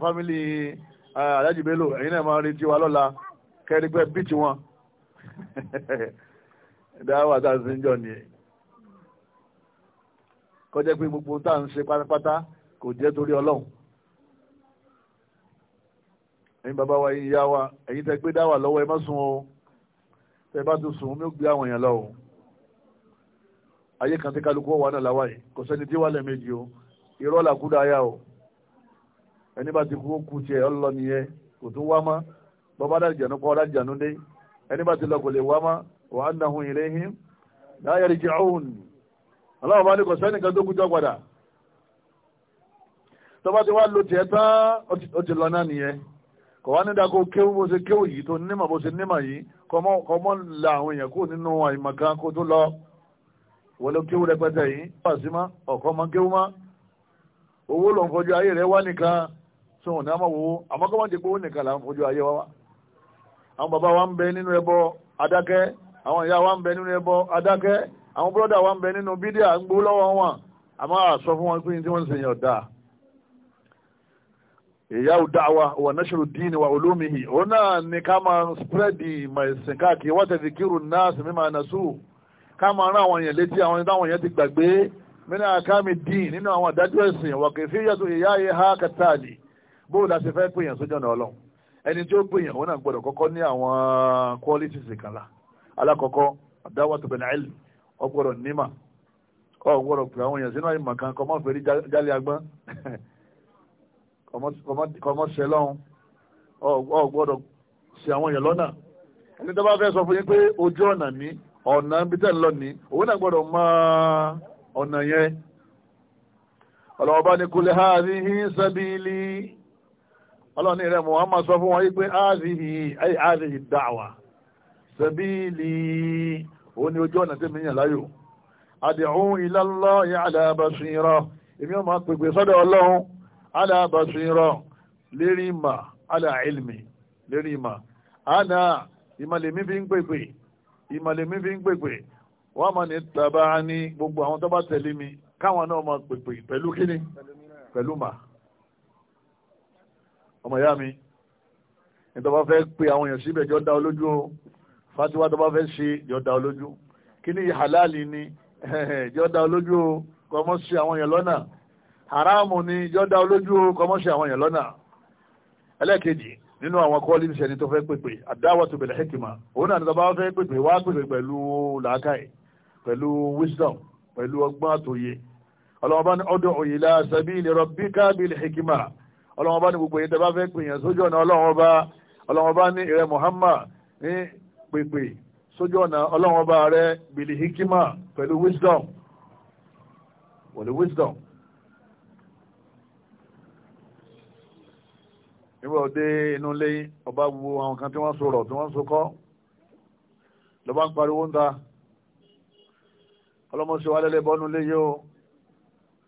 S2: fámìlì Bello náà máa retí wa bíìtì wọn dáhùn kọjá pé gbogbo tá à ń ṣe pátápátá kò jẹ́ torí ọlọ́run ẹ̀yin bàbá wa ẹ̀yin ìyá wa ẹ̀yin tẹ́ gbé dá wà lọ́wọ́ ẹ má sùn o tẹ́ bá tún sùn mí ó gbé àwọn èèyàn lọ o ayé kan tí kálukú wà náà láwà yìí kò sẹ́ni tí wà lẹ́ẹ̀mejì o irọ́ làkúdà ayá o ẹni bá ti kú ó kú tiẹ̀ ọlọ́ nìyẹn kò tún wá mọ́ bọ́bá dájànú pọ́ dájànú dé ẹni bá ti lọ kò lè wá mọ́ wà á nàhùn ilayhim la yarji'un ọlọ́run bá ní kò sẹ́nìkan tó kújọ padà tó bá ti wá lo tiẹ̀ tán ó ti lọ náà nìyẹn kò wá nídàá kó kéwú bó ṣe kéwú yìí tó nímọ̀ bó ṣe nímọ̀ yìí kọ́ mọ́ la àwọn èèyàn kú nínú àìmọ̀kan kó tó lọ wọlé kéwú rẹpẹtẹ yìí pàṣẹ mọ́ ọ̀kọ́ mọ́ kéwú mọ́ owó ló ń fojú ayé rẹ wá nìkan tó wọn ní a wo àmọ́ kọ́ máa ti pé owó nìkan là ń fojú ayé wa àwọn bàbá wa ń bẹ nínú ẹbọ adákẹ́ àwọn ìyá wa ń bẹ nínú ẹbọ adákẹ́ àwọn bọ́dà wa ń bẹ nínú bídíà ń gbó lọ́wọ́ wọn àmọ́ àsọ fún wọn pé tí wọ́n ń sèyàn ọ̀dà ìyá da'wa wa nashru dini wa ulumihi òun náà ni ká máa spreadi ìmọ̀ ẹ̀sìn káàkiri wọ́n tẹ̀sí kírun náà sì mímọ̀ ànásù ká máa rán àwọn èèyàn létí àwọn táwọn èèyàn ti gbàgbé mínú àkámi dín nínú àwọn àdájọ́ ẹ̀sìn wà kìí fi yàtọ̀ ìyá yẹ ha kàtàlì bóòlù àti fẹ́ pèèyàn sójú ọ̀nà ọlọ́run ẹni tí ó pèèyàn òun náà gbọ́dọ̀ kọ́kọ́ ní àwọn qualities kan la alákọ̀ọ́kọ́ àdáwà tó bẹ̀rẹ̀ ọgbọ́dọ̀ nima ọgbọ́dọ̀ pè àwọn èèyàn sínú àyè màkàn kọ́mọ́ fèrè jálè agbọ́n kọmọ sẹ lọ́hún sí àwọn èèyàn lọnà ẹni tó bá sọ fún yín pé ojú ọ̀nà ní ọ̀nà ń lọ ni òun náà gbọ́dọ̀ mọ ọ̀nà yẹn ọlọ́ọ̀bá ni kulẹ̀ ọlọ́ọ̀ni rẹ̀ sọ fún wọn pé òun ni ojú ọ̀nà tẹ́mi yàn láyò ad'u ila Allahi ala èmi ọmọ pèpè sọ́dọ̀ ọlọ́run ala lérí mà ala lérí mà ana ìmàlèmí fi ń pèpè ìmàlèmí fi ń pèpè wọ́n mọ̀ ní tàbá ní gbogbo àwọn tó bá tẹ̀lé mi káwọn náà mọ̀ pèpè pẹ̀lú kíni pẹ̀lú mà ọmọ ìyá mi fẹ́ pé àwọn èèyàn síbẹ̀ jọ fatiwa tó bá fẹ́ ṣe yọ̀dá olójú kí ni halali ni yọ̀dá olójú o kọ́mọ́ sí àwọn èèyàn lọ́nà haramu ni yọ̀dá olójú o kọ́mọ́ sí àwọn èèyàn lọ́nà ẹlẹ́ẹ̀kejì nínú àwọn kọ́ọ̀lì ní sẹ́ni tó fẹ́ pèpè àdáwọ̀tò bẹ̀rẹ̀ hekima òun náà ni tó fẹ́ pèpè wá pèpè pẹ̀lú làákàyè pẹ̀lú wisdom pẹ̀lú ọgbọ́n àtòye ọlọ́mọba ní ọdọ̀ òye la sabili rabbika bil hekima ọlọ́mọba ní gbogbo yẹn tó bá fẹ́ pèèyàn sójú ọ̀nà ọlọ́mọba ọlọ́mọba ní ìrẹ Muhammad ní pèpè sójú ọ̀nà ọlọ́run ọba rẹ bìlì hikima pẹ̀lú wisdom pẹ̀lú wisdom. nígbà òde inú ilé ọba wo àwọn kan tí wọ́n sọ̀rọ̀ tí wọ́n sọkọ́ lọ́ba ń pariwo ń ta ọlọ́mọṣẹ́ wa lẹ́lẹ́ bọ́nú ilé yìí o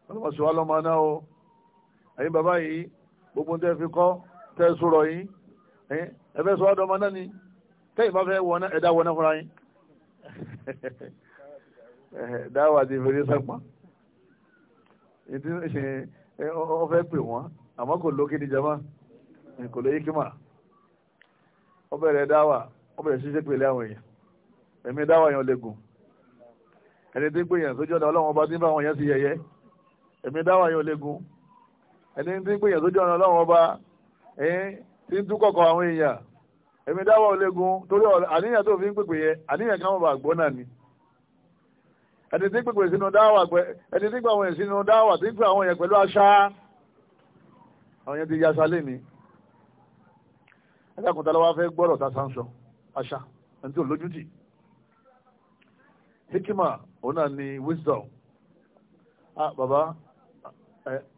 S2: ọlọ́mọṣẹ́ wa lọ́mọ náà o ẹ̀yin bàbá yìí gbogbo ń tẹ́ fi kọ́ tẹ́ sọ̀rọ̀ yìí ẹ̀fẹ́ sọ ọmọ náà ni tẹ́yìn bá fẹ́ wọná ẹ̀dá wọná fúnra yín dáwà ti fèrè sàpá ọ fẹ́ pè wọ́n àmọ́ kò lókè ní jama kò lóyè kíma ọ bẹ̀rẹ̀ dáwà ọ bẹ̀rẹ̀ ṣiṣẹ́ pèlè àwọn èèyàn ẹ̀mí dáwà yẹn ò lè gùn ẹni tí ń pè sójú ọ̀nà ọlọ́run ọba tí ń bá àwọn yẹn ti yẹyẹ ẹ̀mí dáwà yẹn lè gùn ẹni tí ń pè sójú ọ̀nà ọlọ́run ọba tí ń tú àwọn èèyàn èmi dáwọ́ olégun torí àníyàn tó fi ń pèpè yẹ àníyàn kan wọ́n bá gbọ́ náà ni ẹni tí pèpè sínú dáwà ẹni tí gbà àwọn èèyàn sínú dáwà tí gbà àwọn èèyàn pẹ̀lú aṣá àwọn yẹn ti yasa lé ní ẹ̀dàkùntà lọ́wọ́ fẹ́ gbọ́rọ̀ ta sáńsọ aṣá ẹni tí ò lójútì hikima òun náà ni wisdom ah baba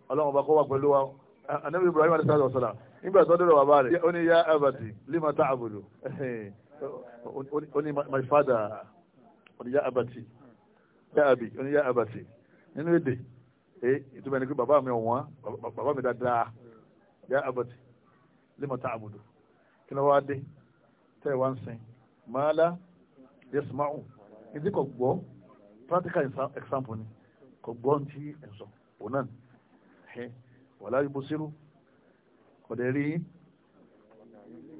S2: ọlọ́run ọba kọ́ wà pẹ̀lú wa anabi Ibrahim alayhi salatu nígbà tó dọ̀rọ̀ bàbá rẹ̀ ó ní yá abàtì lima ta'budu ó ní my father ó ní yá abàtì yá abì ó ní yá abàtì nínú èdè ẹ eh, ìtumọ̀ ẹni pé bàbá mi ọ̀wọ́n bàbá mi dáadáa Ya abati. lima abudu. kí ló wá dé tẹ́ ẹ̀ wá ń sìn máa lá yasma'u ìdí kò gbọ́ practical example ni kò gbọ́ ní ti ẹ̀sọ́ òun náà wàlá yubsiru kò dé rí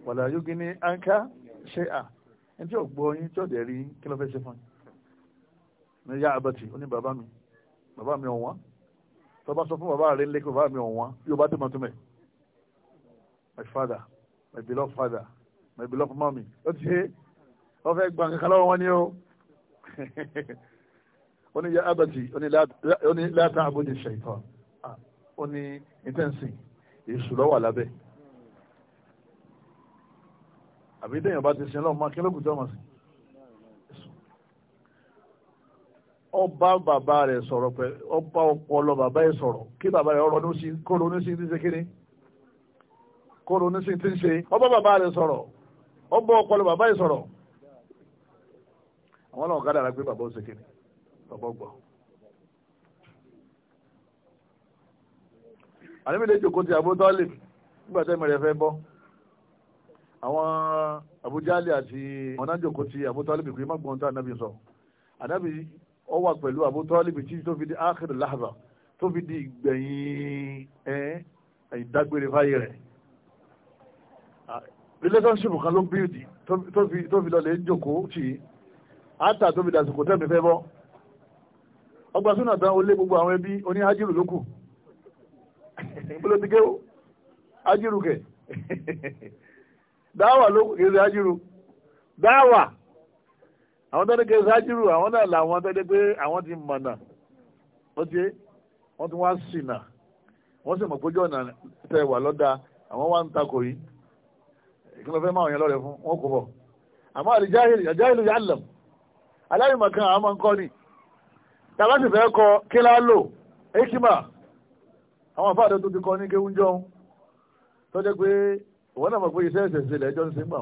S2: wàlá yógi ní anka ṣe à ẹni tí ò gbọ́ yín tí ò dé rí kí ló fẹ́ ṣe fún yín ní yá abati ó ní bàbá mi bàbá mi ọ̀wọ́n tó bá sọ fún bàbá rẹ̀ lẹ́kọ̀ọ́ bàbá mi ọ̀wọ́n yóò bá dé mọ́tò mẹ́ my father my beloved father my beloved mommy ó ti ṣe wọ́n fẹ́ gba nǹkan lọ́wọ́ wọn ni ó ó ní yá abati ó ní láta àbójú ṣe ìtọ́ ó ní intensive. èṣù lọ́wà lábẹ́ àbí bá ti sin lọ́mọ akínlógún tó mọ̀ sí ọba bàbá rẹ̀ sọ̀rọ̀ pẹ̀ ọba ọpọlọ bàbá ẹ̀ sọ̀rọ̀ kí bàbá rẹ̀ ọrọ̀ ní kóró ní sí ti ṣe kíni kóró ní sí ti ṣe ọba bàbá rẹ̀ sọ̀rọ̀ ọba ọpọlọ bàbá sọ̀rọ̀ àwọn bàbá kíni bàbá ọgbọ̀n. àníbi lè jòkó ti Abu Talib nígbà tẹ́mi rẹ̀ fẹ́ bọ́ àwọn Abu Jali àti ọ̀nà jòkó ti Abu Talib kò má gbọ́n tó ànábì sọ ànábì ọ wà pẹ̀lú Abu Talib tí tó fi di áàkìrì láhàbà tó fi di ìgbẹ̀yìn ẹ̀ ìdágbére fáyé rẹ̀ relationship kan ló build tó fi lọ lè jòkó tì í àtà tó fi dàsìkò tẹ́mi fẹ́ bọ́ ọgbà súnà tán ó lé gbogbo àwọn ẹbí oníhájírù lókù bó ló ti kéwò ájírù kẹ̀ dáwà ló àwọn tó ní kìí àwọn ti mọ̀nà ó ti wọ́n ti wá na wọ́n sì mọ pójú ọ̀nà tẹ wà lọ́dà àwọn wá ń takò yìí kí ló fẹ́ máa lọ́rẹ̀ fún wọn kò bọ̀ àmọ́ àdìjáhìlì àjáhìlì yà lẹ̀ aláìmọ̀kan àwọn máa ń kọ́ ni tàbá sì fẹ́ kọ kí lá lò àwọn àfáà tó ti kọ ní kéwú jọ tó jẹ́ pé ìwọ náà mọ̀ pé iṣẹ́ ẹ̀sẹ̀ ìṣẹ̀lẹ̀ ẹjọ́ ń gbà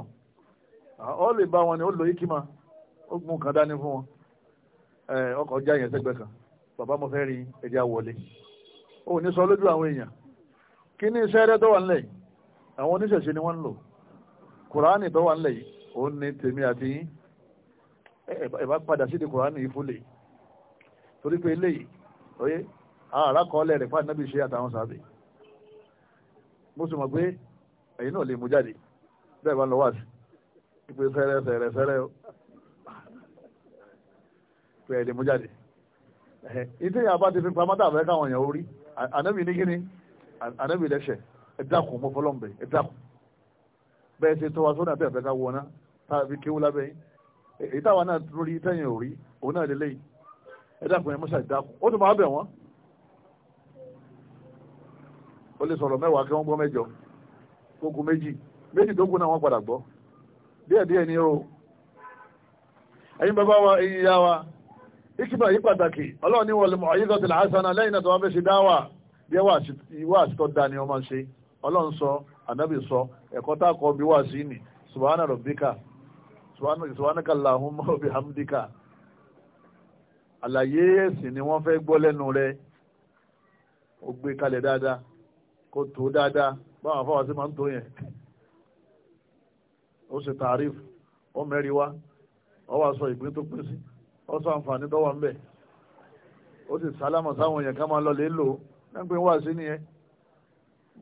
S2: lè bá wọn ni ó ikima ó gun kan dání fún wọn ọkọ̀ já yẹn kan bàbá mo fẹ́ rí ẹja wọlé ó n'i sọ lójú àwọn èèyàn kí ní rẹ tó wà àwọn ni wọ́n ń lò kùránì tó wà nílẹ̀ yìí ó ni tèmi àti àràkọọ́lẹ̀ rẹ̀ fún ànábì ṣe àtàwọn sàbẹ̀ mo sì mọ̀ pé ẹ̀yin náà lè mú jáde bẹ́ẹ̀ bá ń lọ wá sí ìpè fẹ́rẹ́ fẹ́rẹ́ fẹ́rẹ́ o pé ẹ̀ lè mú jáde ìdí ìyá bá ti fi pamọ́ tàbí káwọn èèyàn orí ànábì ní kíni ànábì lẹ́sẹ̀ ẹ dákun mo fọlọ́m̀bẹ̀ ẹ dákun bẹ́ẹ̀ ṣe tó wa sódà bẹ́ẹ̀ fẹ́ ká wọná tàbí kéwú lábẹ́ yín ìtàwọn náà lórí tẹ́yìn òrí òun náà lélẹ́yìn ẹ dákun ẹ mọ́ṣáà dákun ó tún máa bẹ̀ wọ́n ó lè sọ̀rọ̀ mẹ́wàá kí wọ́n gbọ́ mẹ́jọ kókù méjì méjì tó kù náà wọ́n padà gbọ́ díẹ̀díẹ̀ ni o ẹ̀yin bàbá wa ẹ̀yin ìyá wa ìkìbà yí pàtàkì ọlọ́ọ̀ni wọlé mọ̀ ayíkọ́ ti làásánà lẹ́yìn náà tó wá fẹ́ ṣe dáwà bí ìwà àṣìkọ́ da ni ọmọ ṣe ọlọ́run sọ ànábì sọ ẹ̀kọ́ tá a kọ́ bí wà sí ni subhana rabbika subhanaka allahumma wa bihamdika àlàyé ẹ̀sìn ni wọ́n fẹ́ gbọ́ lẹ́nu rẹ̀ ó gbé kalẹ̀ dáadáa kó tó dáadáa báwọn afọwọ́ sí máa ń tó yẹn ó ṣe tààrífù ó mẹ́rin wá ó wá sọ ìpín tó pín sí ó sọ àǹfààní tó wà ń bẹ̀ ó sì sálámà sáwọn èèyàn ká máa lọ lè lò ó ń pè wá sí nìyẹn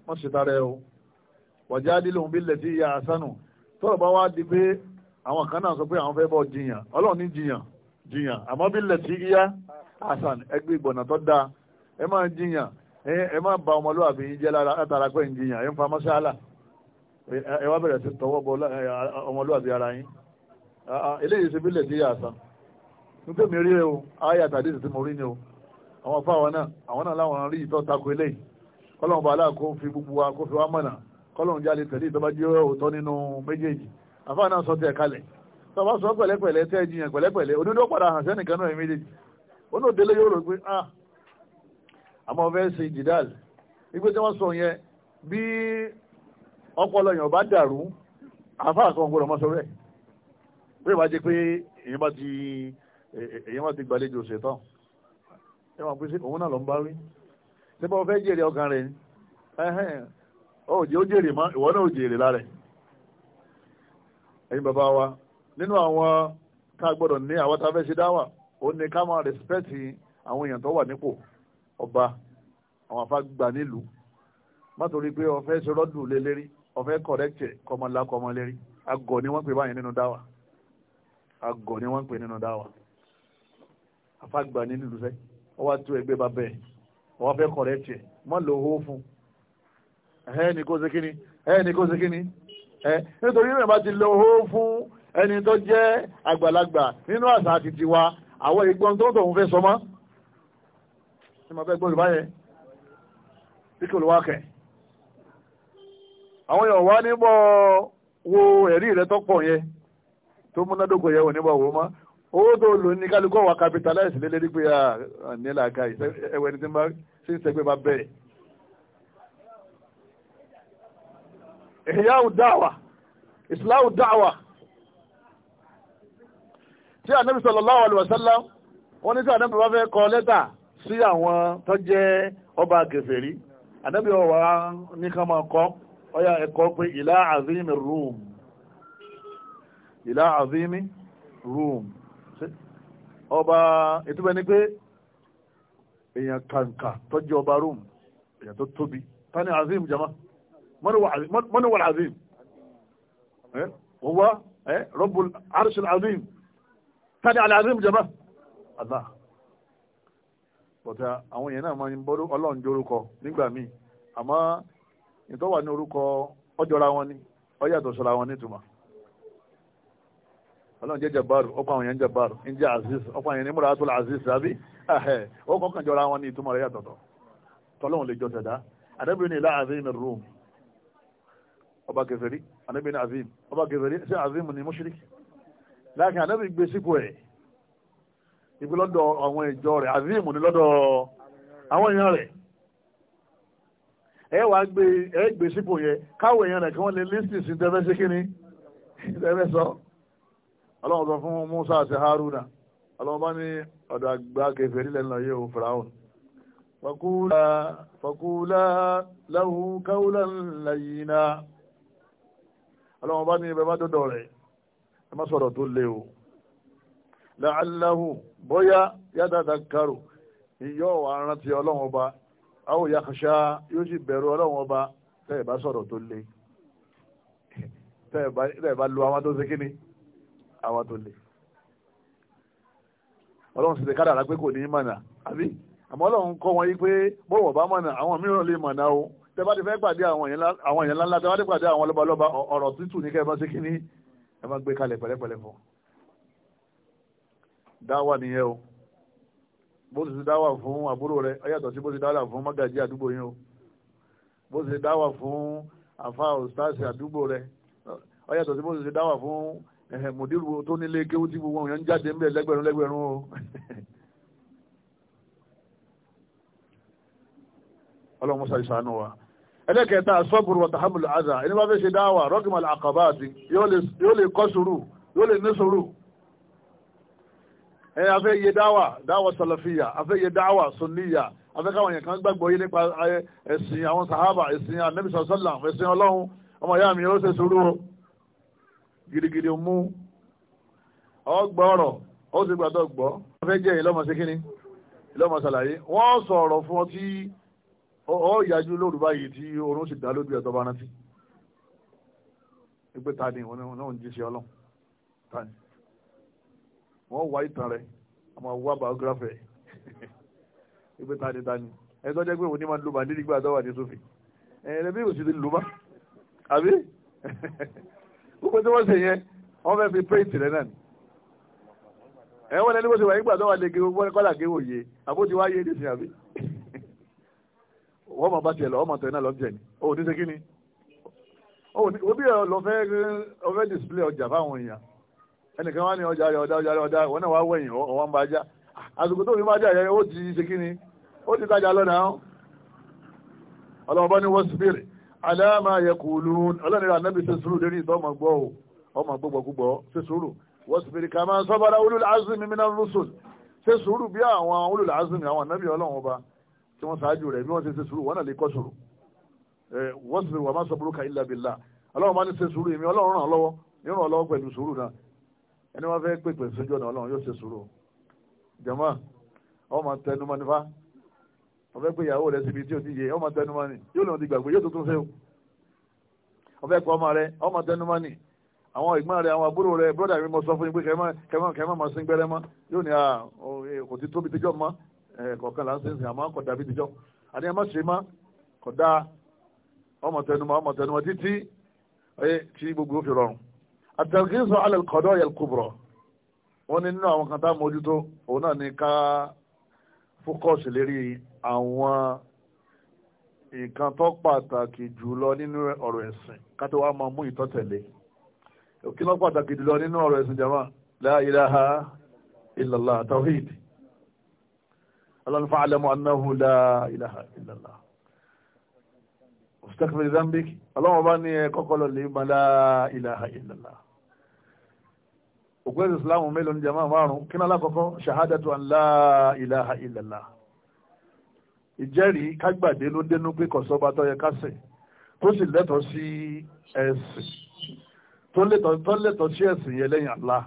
S2: wọ́n ṣe tara ẹ o wajadilhum billati hiya ahsanu tọ́rọ̀ bá wá di pé àwọn kan náà sọ pé àwọn fẹ́ bọ́ jiyàn ọlọ́run ní jiyàn jiyàn àmọ́ billati hiya ahsan ẹgbẹ́ ìgbọ̀nà tó dáa ẹ máa jiyàn ẹ ma ba ọmọlúwàbí yín jẹ́ látara pé ń ẹ ń fa mọ́ṣáálà ẹ wá bẹ̀rẹ̀ sí tọwọ́ bọ ọmọlúwàbí ara yín eléyìí ṣe bílẹ̀ sí yàtọ̀ mi o ayà tàdí ìsìn mo rí ni o àwọn afọ àwọn náà àwọn náà láwọn rí ìtọ́ tako eléyìí kọ́lọ́n bá aláà kó fi wa kó fi wá mọ̀nà kọ́lọ́n jáde tẹ̀lé jẹ́ òótọ́ nínú méjèèjì náà sọ tẹ̀ kalẹ̀ sọ pẹ̀lẹ́pẹ̀lẹ́ tẹ́ jiyàn pẹ̀lẹ́pẹ̀lẹ́ padà hàn àmọ́ fẹ́ ṣe jìdáàl wípé tí wọ́n sọ yẹn bí ọpọlọ èèyàn bá dàrú àáfàá kan gbọdọ̀ mọ́ sọ bẹ́ẹ̀ bí ìbá jẹ́ pé èèyàn bá ti èèyàn bá ti gbàlejò ṣètàn ẹ máa pèsè òun náà ló ń bá rí ṣé bá wọn fẹ́ jèrè ọkàn rẹ̀ ó jẹ́ ó jèrè mọ́ ìwọ náà ó jèrè lára ẹ̀yin bàbá wa nínú àwọn ká gbọdọ̀ ní àwọn tá a fẹ́ ṣe dáwà ó ní ká máa rẹ̀spẹ́tì àwọn èèyàn tó wà nípò ọba àwọn afá gbà nílùú má torí pé ọfẹ́ ṣe rọ́dù lé lérí ọfẹ́ kọ̀rẹ́kẹ̀ kọmọlá kọmọ lérí agọ̀ ni wọ́n pè báyìí nínú dáwà agọ̀ ni wọ́n pe, nínú dáwà afá gbà nílùú fẹ́ wọ́n wá tó ẹgbẹ́ bá bẹ́ẹ̀ wọ́n fẹ́ kọ̀rẹ́kẹ̀ má lò ó fún ẹni kó ṣe kíni ẹni kó ṣe kíni ẹ nítorí rẹ̀ bá ti lò ó fún ẹni tó jẹ́ àgbàlagbà nínú àṣà àti tiwa àwọn ìgbọ́n tó tóun fẹ́ sọ mọ́ ma fẹ́ gbọ́ yorùbá yẹn tí kò ló wá kẹ̀. àwọn èèyàn wá níbọ̀ wo ẹ̀rí rẹ tọ́pọ̀ yẹn tó múnádógó yẹn wò níbọ̀ wò mọ́ owó tó lò ní kálukú wa capitalize lé lérí pé nílà ká ẹwẹ́ ní tí ń sẹ́gbẹ́ bá bẹ̀rẹ̀. ìyáwó dáwà ìsìláwó dáwà tí ànábì sallallahu alaihi wasallam wọ́n ní tí ànábì bá fẹ́ kọ lẹ́tà sí àwọn tó jẹ́ ọba kèfèrí ànábì ọwà ní ká máa kọ́ ọyá ẹ̀kọ́ pé ìlà àzími rúùm ìlà àzími rúùm ọba ìtúbẹ̀ ni pé èèyàn kàǹkà tó jẹ́ ọba rúùm èèyàn tó tóbi tani azim jama mọ́ni wà azim wọ́n wá rọ́bùl arṣil azim tani alazim jama bọ̀tà uh, àwọn èèyàn náà máa ń bọ́ ọlọ́run jórúkọ nígbà míì àmọ́ ìtọ́ wà ní orúkọ ọjọ́ra wọn ni sọ́ra wọn ọlọ́run jẹ́ jabaru ọkọ̀ àwọn jabaru ń jẹ́ aziz ọkọ̀ àwọn ní múra tó la aziz ọkọ̀ kan jọra wọn ní ìtumọ̀ rẹ̀ yàtọ̀tọ̀ tọ́lọ́run lè jọ sẹ̀dá ìpè lọ́dọ̀ àwọn ìjọ rẹ̀ azeem ní lọ́dọ̀ àwọn èèyàn rẹ̀ ẹ wá gbé ẹ sípò yẹn káwọn èèyàn rẹ̀ kí wọ́n lè lísìn sí tẹ́fẹ́ sí kíní tẹ́fẹ́ sọ ọlọ́run sọ fún Musa àti Haruna ọlọ́run bá ní ọ̀dọ̀ àgbà kẹfẹ́ nílẹ̀ ńlọ yìí ò fìràwọ̀n fakula fakula lahu qawlan layyina ọlọ́run bá ní ibẹ̀ bá dọ́dọ̀ rẹ̀ ẹ má sọ̀rọ̀ tó lé o làálàhù bóyá yàtàtà kárò ìyọ́ wà rántí ọlọ́run ọba àwọn yàkàṣà yóò sì bẹ̀rù ọlọ́run ọba tẹ́ ẹ̀ bá sọ̀rọ̀ tó le tẹ́ ẹ̀ bá lu àwọn tó ṣe kíni àwọn tó le ọlọ́run sì ti kádàrá pé kò ní í mọ̀nà àbí àmọ́ ọlọ́run kọ́ wọn yí pé bọ́wọ̀ bá mọ̀nà àwọn mìíràn lè mọ̀nà o tẹ́ bá ti fẹ́ pàdé àwọn èèyàn ńlá tẹ́ bá ti pàdé àwọn lọ́balọ́ba ọ̀rọ̀ tútù ní kẹ́ ẹ bá ṣe kíni ẹ bá gbé kalẹ̀ pẹ̀lẹ́pẹ̀lẹ́ fún un dáwà nìyẹn o bó ti dáwà fún àbúrò rẹ ọyàtọ̀ sí bó ti dáwà fún mọ́gàjí àdúgbò yín o bó ti dáwà fún àfa òstáàsì àdúgbò rẹ ọyàtọ̀ sí bó ti dáwà fún mòdìrú tó nílé kéwú tí gbogbo èèyàn ń jáde ń bẹ̀ lẹ́gbẹ̀rún lẹ́gbẹ̀rún o. ọlọ́run sáré sànú wa ẹlẹ́kẹta sọ́bùrù wọ̀tà hàmùlù àzà ẹni bá fẹ́ ṣe dáwà rọ́gìmọ̀lá àkàbà àti yóò lè kọ́ sùúrù yóò lè ní sùúrù ẹ afẹ́ yẹ dáwà dáwà sàlàfíà afẹ́ yẹ dáwà sunniya afẹ́ káwọn yẹn kan gbàgbọ́ yé nípa ẹ̀sìn àwọn sàhábà ẹ̀sìn anabi sàlá ẹ̀sìn ọlọ́run ọmọ ìyá mi ó ṣe sùúrù o gidigidi mú ọgbọ́ ọ̀rọ̀ ó sì gbàdọ̀ gbọ́ afẹ́ jẹ́ ìlọ́mọ sí kínní ìlọ́mọ sàlàyé wọ́n sọ ọ̀rọ̀ fún ọ tí ọ yájú lóru báyìí tí oorun sì dá lójú ẹ̀ tọ́ba rántí ìpè ta ni náà ń wọ́n wá ìtàn rẹ̀ àmọ́ wá biography ìgbé tani tani ẹ tó jẹ́ pé òní máa ń lu bàndí nígbà tó wà ní sófin ẹ̀rẹ́ bí òsì ti lù bá àbí gbogbo tí wọ́n ṣe yẹn wọ́n fẹ́ fi péǹtì rẹ̀ náà ni ẹ wọ́n lẹ́nu bó ṣe wà nígbà tó wà lè gbogbo kọ́là gé òye àbójú wáyé nísìnyí àbí wọ́n máa bá tiẹ̀ lọ wọ́n máa tẹ̀ náà lọ́jẹ̀ ni òun ní ṣe kí ni òun bí ọ̀lọ́fẹ́ ọ̀fẹ́ display ọjà fáwọn èèyàn ẹnìkan wá ní ọjà rẹ̀ ọ̀dá ọjà rẹ̀ ọ̀dá ìwọ náà wá wẹ̀yìn ọwọ́ ń bá já àsìkò tó fi bá jà yẹn ó ti ṣe kí ni ó ti tajà lọ́nà án ọlọ́ọ̀bá ni wọ́n síbèrè aláàmà yaqulun ọlọ́nira anábì ṣe sùúrù lórí ìtọ́mọ̀ gbọ́ ò ọmọ gbogbo gbogbo ṣe sùúrù wọ́n síbèrè kà máa sabara ulul azmi minar rusul ṣe sùúrù bí àwọn ulul azmi àwọn anábì ọlọ́run ọba tí wọ́n ṣáájú rẹ̀ bí wọ́n ṣe ṣe sùúrù wọ́n náà lè kọ́ sùúrù wọ́n síbèrè wà má sabruka illa billah ọlọ́run bá ní ṣe sùúrù èmi ọlọ́run ràn lọ́wọ́ ẹni wọ́n fẹ́ pèpè sójú ọ̀nà ọlọ́run yóò ṣe sùúrù jọmọ́ ọmọ tẹnumọ́ nífà wọ́n fẹ́ pé ìyàwó rẹ̀ síbi tí ò ti yé ọmọ tẹnumọ́ ni yóò lòun ti gbàgbé yóò tuntun ṣe o wọ́n fẹ́ pọ̀ ọmọ rẹ̀ ọmọ tẹnumọ́ ni àwọn ìgbọ́n rẹ̀ àwọn àbúrò rẹ̀ brọ́dà mi mo sọ fún yín pé kẹ́mọ́ mọ́ sí gbẹ́rẹ́ mọ́ yóò ní e, kò ti tóbi tíjọ́ mọ́ kọ̀ọ̀kan là ń sìn sìn àmọ́ kò dàbí tíjọ́ àní ẹ ṣe má kò dáa ọmọ tẹnumọ́ ọmọ tẹnumọ́ títí tí gbogbo fi rọrùn àtẹ̀kísọ̀ alẹ́ kọ̀dọ̀ yẹ kúbọ̀rọ̀ wọ́n ní nínú àwọn kan tá a mójútó òun náà ní ká fókọ̀sì lérí àwọn nǹkan tó pàtàkì jùlọ nínú ọ̀rọ̀ ẹ̀sìn ká tó wá máa mú ìtọ́tẹ̀lé kí ló pàtàkì jùlọ nínú ọ̀rọ̀ ẹ̀sìn jama la ilaha tawhid Allah fa'alamu annahu la ilaha mustaqbil zambik اللهم bá ní ẹ kọ́kọ́ lọ lè mọ́lá ilaha illallah ògbẹ́sì islamu mélòó ní jama لا kí náà lákọ́kọ́ ṣahadatu an la ilaha illallah ìjẹ́rìí kágbàdé ló dénú pé kọ̀sọ́ba tó yẹ kásẹ̀ tó sì lẹ́tọ̀ọ́ sí ẹ̀sìn tó lẹ́tọ̀ọ́ sí ẹ̀sìn yẹn lẹ́yìn Allah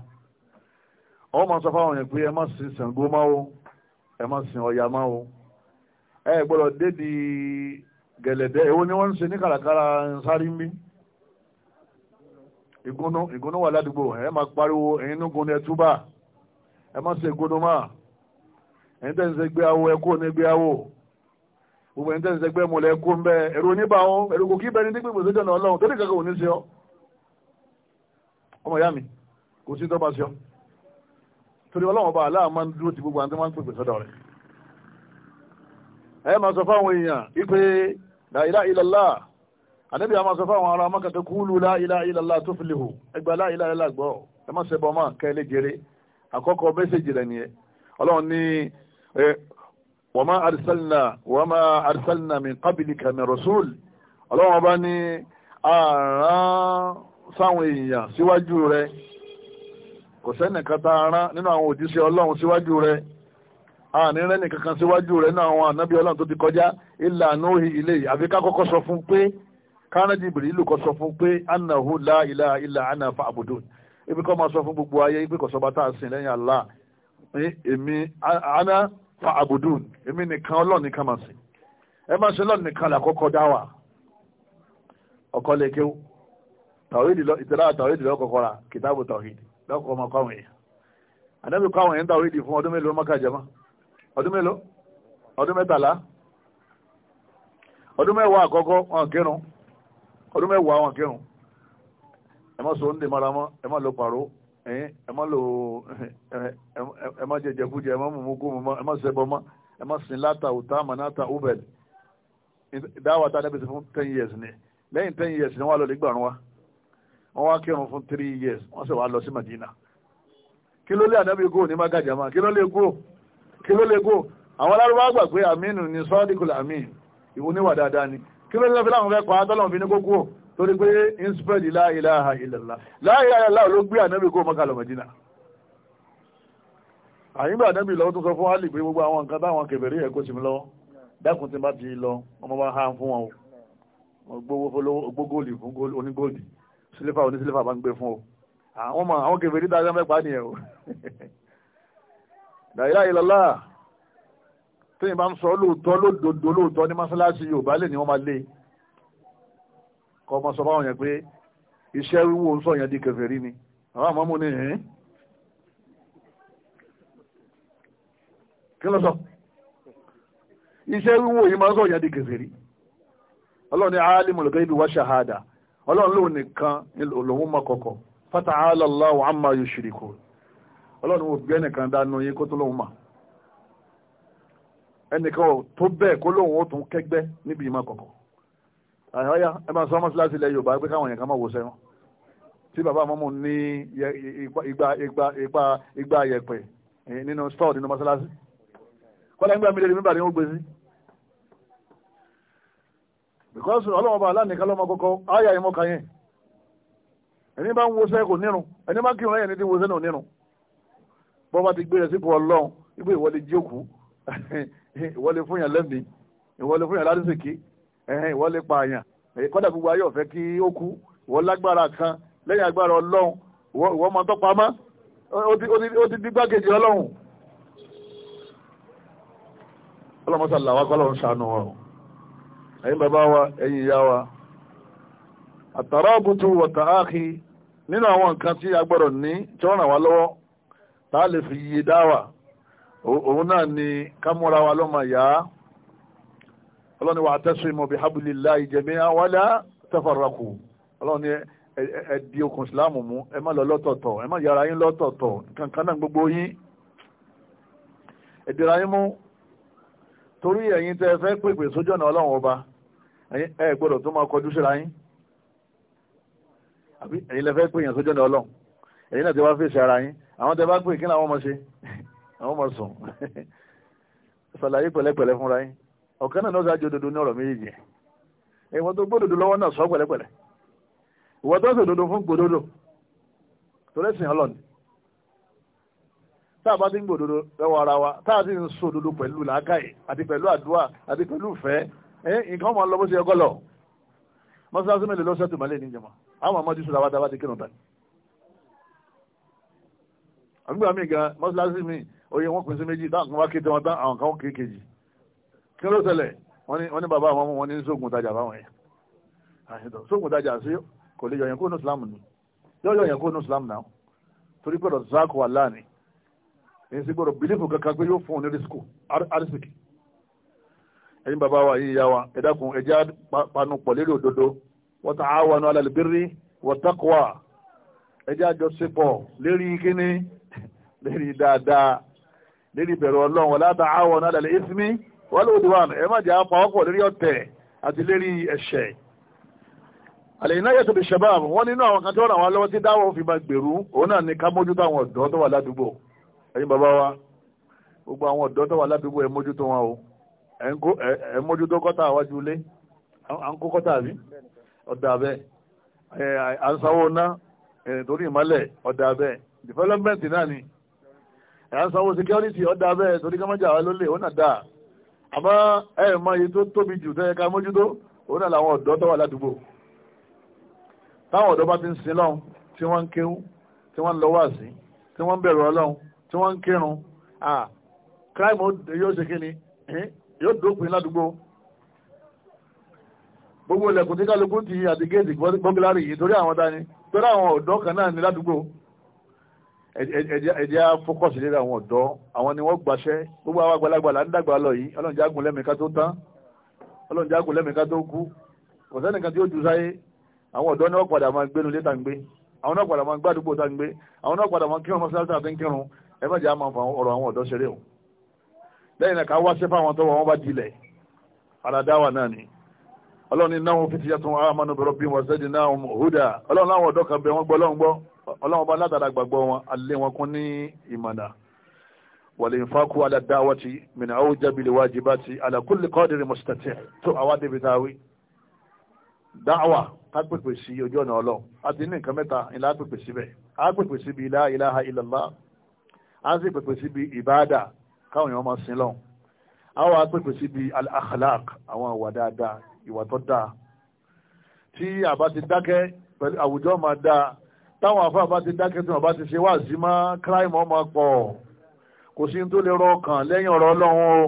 S2: ọ máa sọ fáwọn yẹn pé ẹ má sin Ṣàngó máa o ẹ má sin Ọya máa o ẹ gbọ́dọ̀ dédìí gẹ̀lẹ̀dẹ́ èwo ni wọ́n ń ṣe ní kàràkàrà sáré ń bí ìgúnnú ìgúnnú wà ládùúgbò ẹ máa pariwo ẹ̀yin nígun ni ẹ túbà ẹ má ṣe ìgúnnú máa ẹ̀yin tẹ́ ń ṣe gbé awo ẹ kó ní gbé awo gbogbo ẹ̀yin tẹ́ ń ṣe gbé mọ̀lẹ́ kó ń bẹ ẹ̀rù oníbà wọn ẹ̀rù kò kí bẹni dígbò ìgbésẹ̀ náà ọlọ́run tó ní kankan ò ní ṣe ọ ọmọ ìyá mi kò sí tọ́ bá ṣe torí ọlọ́run ọba aláà máa ń dúró ti gbogbo àti máa ń pèpè sọ́dọ̀ rẹ̀ ẹ máa sọ fáwọn èèyàn ipe láìlá ìlàlá ànábì àmà sọ fáwọn ará mọ́kà tó kúlù láìlá ìlàlá tó fi lihù ẹgbà láìlá ìlàlá gbọ́ ẹ má ṣẹbọ máa kẹ́ lé jẹrẹ àkọ́kọ́ mẹ́sẹ̀jì rẹ̀ nìyẹn ọlọ́run ní wa ma arsalna wa ma arsalna min qablika min rasul ọlọ́run ọba ní àrán sáwọn èèyàn síwájú rẹ̀ kò sẹ́nìkan tá a rán nínú àwọn òjíṣẹ́ ọlọ́run síwájú rẹ̀ àní rẹ́nì kankan síwájú rẹ̀ náà àwọn ànábì ọlọ́run tó ti kọjá ilà nóhi ilé àfi ká kọ́kọ́ sọ fún pé kánà Jibrilu sọ fún pé la ilaha ana fa'budun ibi kọ́ máa sọ fún gbogbo ayé ibi kọ́ sọba tá a sìn lẹ́yìn Allah èmi ana fa'budun èmi nìkan ọlọ́run nìkan máa sìn ẹ máa ṣe lọ́run nìkan làkọ́kọ́ dá wà ọkọ lẹ́kẹ́ lọ́kọ̀ọ́ ọdún mélòó ọdún mẹ́tàlá ọdún mẹ́wàá àkọ́kọ́ wọn kírun ọdún mẹ́wàá wọn kírun ẹ ń dè mara mọ́ ẹ má pàró ẹ má lo ẹ má jẹjẹ kújẹ ẹ má mú kú mọ́ ẹ mọ́ ẹ sin láta òtá manata ubel dáwà tá a dẹ́bi sí fún ten years ni lẹ́yìn ten years ni wọ́n lọ wọ́n wá kírun fún three years wọ́n sì wá lọ sí Madina kí ló lé ní kí ló lé kí ló lè gò àwọn alárúbá gbà pé àmínú ni sọ́ọ́díkùlà àmín ìwọ níwà dáadáa ni kí ló lè fi láwọn fẹ́ kọ́ adọ́lọ́run fi ní kókó torí pé inspred la ilaha illallah la ilaha illallah ló gbé ànábì kó Mákà lọ Mẹdínà àyínbà ànábì lọ́wọ́ tó sọ fún Àlì pé gbogbo àwọn nǹkan táwọn kèfèrí ẹ̀kọ́ sí mi lọ́wọ́ dákun tí bá ti lọ ọmọ bá há fún wọn o gbogóòlì fún onígóòlì sílífà onísílífà bá ń gbé fún o àwọn kèfèrí dáadáa mẹ́pàá nìyẹn o dàílá ìlọ́lá tí ìbá ń sọ lóòótọ́ lódodo lóòótọ́ ní mọ́sálásí yorùbá lè ní wọ́n máa lé kọ́ ọmọ sọ fáwọn yẹn pé iṣẹ́ wíwò ń sọ yẹn di kèfèrí ni àwọn àmọ́ mú ní hìn kí ló sọ iṣẹ́ wíwò yìí máa ń sọ yẹn di kèfèrí ọlọ́run ní alimul ghaibi wa shahada ọlọ́run lóun nìkan lòun mọ kọ̀kọ̀ fata'ala Allahu amma yushrikun ọlọ́run òbí ẹnìkan dánú yín kó tó lóun mà ẹnìkan tó bẹ́ẹ̀ kó lóun ó tún kẹ́gbẹ́ níbi ìmọ̀ kọ̀kọ̀ àyáyá ẹ máa sọ mọ́síláṣí ilẹ̀ yorùbá pé káwọn èèyàn kan máa wò sẹ́wọ̀n tí bàbá mọ́mú ní igba igba igba igba yẹ̀pẹ̀ nínú stọ́ọ̀ nínú mọ́síláṣí kọ́lá ń gbà mí lè rí mímbà ní wọ́n sí because ọlọ́wọ́ bá aláǹkan lọ́mọ kọ́kọ́ áyà ìmọ̀ka yẹn ẹni bá ń wọṣẹ́ kò nírun ẹni bá kírun ẹ̀yẹ̀ ní ti wọṣẹ́ náà nírun wọ́n bá ti gbé rẹ̀ sípò ọlọ́run wípé ìwọ lè jókòó ìwọ lè fún yàn lẹ́mìí ìwọ lè fún yàn ládùsèké ìwọ lè pa àyàn kọ́dà gbogbo ayé ọ̀fẹ́ kí ó kú ìwọ lágbára kan lẹ́yìn agbára ọlọ́run ìwọ ọmọ tó pamọ́ ó ti di gbákejì ọlọ́run ọlọ́mọsá làwọn akọ́lọ́run ṣàánú wa o ẹ̀yin bàbá wa ẹ̀yin ìyá wa àtàrà ọ̀bùtù wọ̀tà áàkì nínú àwọn nǹkan tí a gbọ́dọ̀ ní tí wọ́n ràn wá lọ́wọ́ tá a fi yí dáwà òun náà ni ká múra wa lọ́mọ ìyá ọlọ́ni wa atasimu bihablillahi jami'an wala tafarraqu ọlọ́ni ẹ di okùn ìsìláàmù mú ẹ má lọ lọ́tọ̀ọ̀tọ̀ ẹ má yára yín lọ́tọ̀ọ̀tọ̀ kankan náà gbogbo yín ẹ dìra yín mú torí ẹ̀yin tẹ́ fẹ́ pèpè sójú ọ̀nà ọlọ́run ọba ẹ gbọ́dọ̀ tó máa kọjú síra yín àbí ẹ̀yin lẹ fẹ́ pèyàn sójú ọ̀nà ọlọ́run ẹ̀yin náà ti wá fèsì ara yín àwọn tẹ bá pè kí ni àwọn ọmọ ṣe àwọn ọmọ sùn ṣàlàyé pẹ̀lẹ́pẹ̀lẹ́ fúnra yín ọ̀kan náà lọ́sàájú òdodo ní ọ̀rọ̀ méjèèjì ìwọ́n tó gbódòdó lọ́wọ́ náà sọ pẹ̀lẹ́pẹ̀lẹ́ ìwọ́n tó sòdodo fún gbódòdó torí ẹ̀sìn ọlọ́ni tá a bá ti ń gbòdodo lọ́wọ́ ara wa tá a ti ń sòdodo pẹ̀lú làákàyè àti pẹ̀lú àdúrà àti pẹ̀lú ìfẹ́ nǹkan ọmọ lọ bó ṣe ọgọ́ lọ mélòó lọ́sẹ̀ tó máa lè àwọn ọmọdé ti kírun àgbà mi gan mọ́sálásí mi oyè wọn pín sí méjì táwọn kan wá kété wọn tán àwọn kan kéé kejì kí ló ṣẹlẹ̀ wọ́n ní bàbá àwọn wọn ní sóògùn tajà báwọn yẹn àṣetọ̀ sóògùn tajà sí kò lè yọ̀yàn kó nù Islam ni yóò yọ̀yàn kó nù Islam náà torí pé ọ̀dọ̀ zákò wà láàánì èyí sì gbọ́dọ̀ bílífù kankan pé yóò fún un ní rísíkò arísìkì ẹ̀yin bàbá wa yìí ya wa ẹ dákun ẹ jẹ́ òdodo wa ta'awanu alal birri ẹjẹ́ àjọṣepọ̀ lérí kíní lérí dáadáa lérí bẹ̀rù ọlọ́run wala ta'awanu 'alal ismi wal 'udwan ẹ má jẹ́ apá ọkọ̀ lérí ọ̀tẹ̀ àti lérí ẹ̀ṣẹ̀ al-inayatu bish-shabab wọ́n nínú àwọn kan tí wọ́n ràn wá lọ́wọ́ tí dáwọ́ fi máa gbèrú òun náà ni ká mójútó àwọn ọ̀dọ́ tó wà ládùúgbò ẹ̀yin bàbá wa gbogbo àwọn ọ̀dọ́ tó wà ládùúgbò ẹ mójútó wọn o ẹ mójútó kọ́tà àwájú ilé à ń kó kọ́tà àbí ọ̀dà bẹ́ẹ̀ à ń sanwó ná Eh, torí ìmọ́lẹ̀ ọ̀dà bẹ́ẹ̀ development náà ni ẹ̀ ń sanwó security ọ̀dà bẹ́ẹ̀ torí kámọ́jà wa ló lè ó nà dáa àmọ́ ẹ̀ mọ iye tó tóbi jù tẹ́ ká mójútó òun náà làwọn ọ̀dọ́ tó wà ládùúgbò táwọn ọ̀dọ́ bá ti ń sin lọ́hùn tí wọ́n ń kéwú tí wọ́n ń lọ wáàsí tí wọ́n ń bẹ̀rù ọlọ́hun tí wọ́n ń kírun crime yóò ṣe kíni yóò dópin ládùúgbò gbogbo ilẹ̀kùn tí kálukú ti àti géètì gbọ́gílárì yìí torí àwọn dání tọ́lá àwọn ọ̀dọ́ kan náà ní ládùúgbò ẹ̀jẹ̀ á fọ́kọ̀sì lé àwọn ọ̀dọ́ àwọn ni wọ́n gbaṣẹ́ gbogbo àwọn àgbàlagbà là ń dàgbà lọ yìí ọlọ́run jágun lẹ́mìíká tó tán ọlọ́run jágun lẹ́mìíká tó kú kò sẹ́nìkan tí ó ju sáyé àwọn ọ̀dọ́ ni wọ́n padà máa gbénu lé tàǹgbé àwọn náà padà máa gbádùúgbò tàǹgbé àwọn náà padà máa kírun mọ́sálásí àti kírun ẹ má jẹ́ àmọ́ ọ̀rọ̀ àwọn ọ̀dọ́ ṣeré o lẹ́yìn náà ká ọlọ́run ní náà fi ti yàtọ̀ amanu bi rabbihim wa zadnahum huda ọlọ́run láwọn ọ̀dọ́ kan bẹ wọ́n gbọ́ ọlọ́run gbọ́ ọlọ́run bá látara gbàgbọ́ wọn alẹ́ wọn kún ní ìmọ̀nà wàlẹ̀ ìfákú ala da'wati min awjabi al-wajibati ala kulli qadiri mustati' tó àwa débi táwí dáwà kápẹ́pẹ́ sí ojú ọ̀nà ọlọ́run àti ní nǹkan mẹ́ta ìlà ìwà tó dáa tí àbá ti dákẹ́ pẹ̀lú àwùjọ máa dáa táwọn afá bá ti dákẹ́ tí wọ́n bá ti ṣe wá sí máa kíráìmù máa pọ̀ kò sí tó lè rọ ọkàn lẹ́yìn ọ̀rọ̀ ọlọ́run o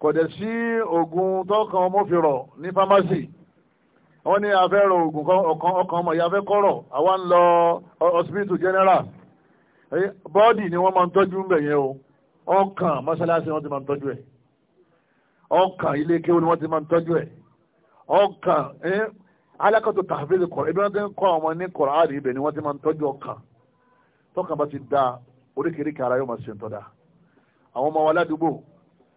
S2: kò dẹ̀ sí oògùn tọkàn ọmọ fi rọ̀ ní fámásì wọ́n ní afẹ́rọ̀ oògùn ọkàn ọmọ ìyá fẹ́ àwa ń lọ hospital general bọ́ọ̀dì ni wọ́n máa ń tọ́jú ń bẹ̀ o ọkàn mọ́ṣáláṣí wọ́n ti máa ń tọ́jú ẹ̀ ọkàn ilé kéwú ni wọ́n ti máa ń tọ́jú ẹ̀ ọkàn alákàtò tàfíìsì kọ̀ọ̀ ibi wọ́n ti ń kọ́ ọmọ ní kọ̀ọ̀ àárín ibẹ̀ ni wọ́n ti máa ń tọ́jú ọkàn tọ́kàn bá ti da oríkèéríkèé ara yóò máa ṣe ń tọ́da àwọn ọmọ wa ládùúgbò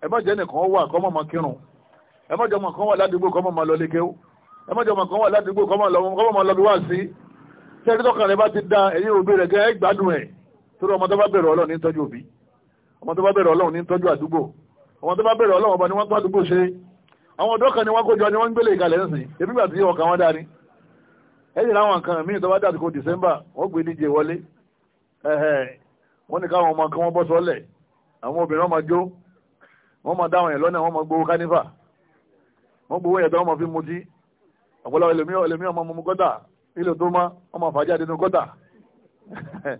S2: ẹ má jẹ́ nìkan wà kọ́ mọ̀ máa kírun ẹ má jẹ́ ọmọ kan wà ládùúgbò kọ́ mọ̀ máa lọ lé ẹ má jẹ́ ọmọ kan wà ládùúgbò kọ́ mọ̀ lọ bí wá sí tẹ́rí tọ́kàn rẹ bá ti da ẹ̀yìn òbí rẹ̀ gẹ́ gbádùn ẹ̀ torí ọmọ tó bá bẹ̀rẹ̀ Ọlọ́run ní tọ́jú òbí ọmọ tó bá bẹ̀rẹ̀ Ọlọ́run ní tọ́jú àdúgbò àwọn tó bá bẹ̀rẹ̀ ọlọ́wọ́ bá ní wọ́n gbádùgbò ṣe àwọn ọ̀dọ́ kan ni wọ́n kójọ ni wọ́n gbélé ìkàlẹ̀ ń sìn ebí gbà tí ọkàn wọn dání ẹ̀yìn láwọn kan míì tó bá dàtí ko December wọ́n gbé díje wọlé wọ́n ní káwọn ọmọ kan wọ́n bọ́ sọ́lẹ̀ àwọn obìnrin ọmọ jó wọ́n máa dáwọn yẹn lọ́nà wọ́n máa gbowó kánífà wọ́n gbowó yẹn tó wọ́n máa fi mutí ọ̀pọ̀lọpọ̀ ẹlòmíràn ọmọ mọ̀mú gọ́tà ilé tó má ọmọ fàájà dénú gọ́tà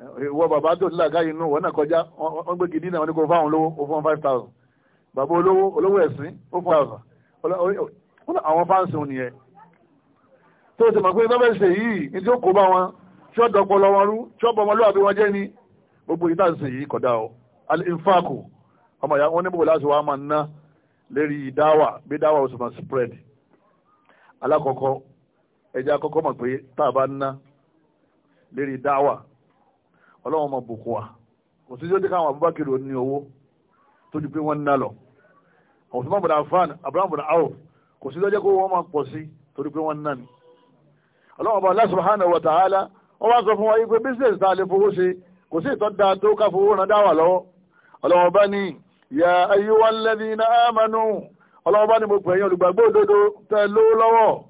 S2: Eh, ìwọ bàbá tó sílẹ̀ káyìí nù wọ́n náà kọjá wọ́n gbé gidi náà wọ́n ní kó fáwọn olówó ó fún five thousand bàbá olówó olówó ẹ̀sìn ó fún thousand àwọn fáǹsì òun nìyẹn tó o ti mọ̀ pé bẹ́ẹ̀ ṣe yìí ní tí ó kó bá wọn tí ó dọ̀pọ̀ lọ wọn rú tí ó bọ̀ wọn lóàbí wọn jẹ́ ni gbogbo yìí táà ń ṣe yìí kódà o al ọmọ ìyá wọn níbo láti wàá máa ná lérí dáwà bí dáwà oṣù máa spread alákọ̀ọ́kọ́ ẹja kọ́kọ́ mọ̀ pé tá a bá ná lérí dáwà ọlọ́run máa bùkún wa kò sí yóò dé káwọn Abubakar ò ní owó tó di pé wọ́n ń ná lọ Usman bin Affan Abraham bin Awf kò sí lọ́jọ́ kó wọ́n máa pọ̀ sí torí pé wọ́n ń ná ni ọlọ́run bá subhanahu wa ta'ala wọ́n wá sọ fún wa yí pé business tá a lè fowó ṣe kò sí ìtọ́ da tó ká fowó ràn dáwà lọ́wọ́ ọlọ́run bá ní ya ayyuhal ladhina amanu ọlọ́run bá ní mo pè yín olùgbàgbọ́ òdodo tẹ́ lówó lọ́wọ́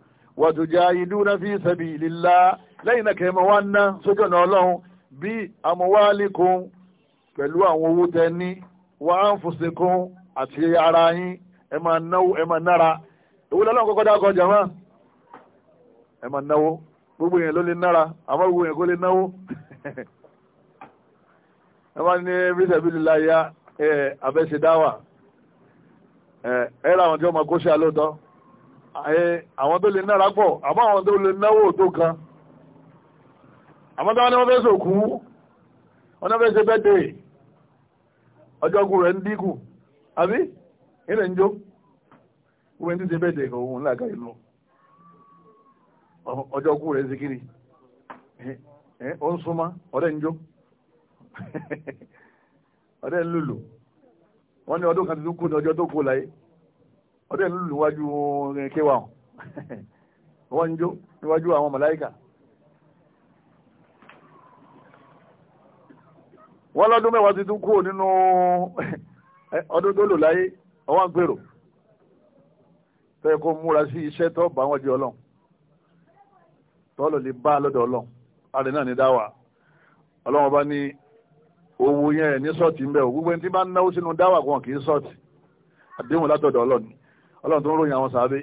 S2: wàtújáyidúna fi sabilillah lẹ́yìn náà kẹ́mọ́ wá ná sójú ọ̀nà ọlọ́run bí amwalikum pẹ̀lú àwọn owó tẹ ní wa anfusikum àti ara yín ẹ máa náwó ẹ máa nára owó lọ́lọ́run kọ́kọ́ dá ọkọ̀ jàmá ẹ máa náwó gbogbo yẹn ló lè nára àmọ́ gbogbo yẹn kó lè náwó ẹ máa ní fi sabilillah ya abẹ́sẹ̀dáwà ẹ ẹ ra àwọn tí wọ́n máa kó ṣe àlóòótọ́. àwọn tó lè nára pọ̀ àbá àwọn tó lè náwó tó kan àmọ́ táwọn wọ́n fẹ́ sòkú wọ́n fẹ́ ṣe bẹ́tẹ̀ ọjọ́ rẹ̀ ń dínkù àbí ilẹ̀ ń jó wọ́n ti ṣe bẹ́tẹ̀ òun láàká ìlú ọjọ́ rẹ̀ ń sikiri ó ń súnmọ́ ọ̀rẹ́ ń jó ọ̀rẹ́ ọdẹ lulu níwájú kéwà wọn ń jó níwájú àwọn màláíkà wọ́n lọ́dún mẹ́wàá ti tún kúrò nínú ọdún tó lò láyé ọwọ́n gbèrò fẹ́ kó múra sí iṣẹ́ tó bá wọn jẹ ọlọ́run tọ́lọ̀ lè bá lọ́dọ̀ ọlọ́run àrẹ náà ní dáwà ọlọ́run ọba ní owó yẹn ní sọ́ọ̀tì ń bẹ̀ ò gbogbo ẹni tí bá ń náwó sínú dáwà kan kì í sọ́ọ̀tì àdéhùn látọ̀dọ̀ ọlọ́run ọlọ́run tó ń ròyìn àwọn sàábé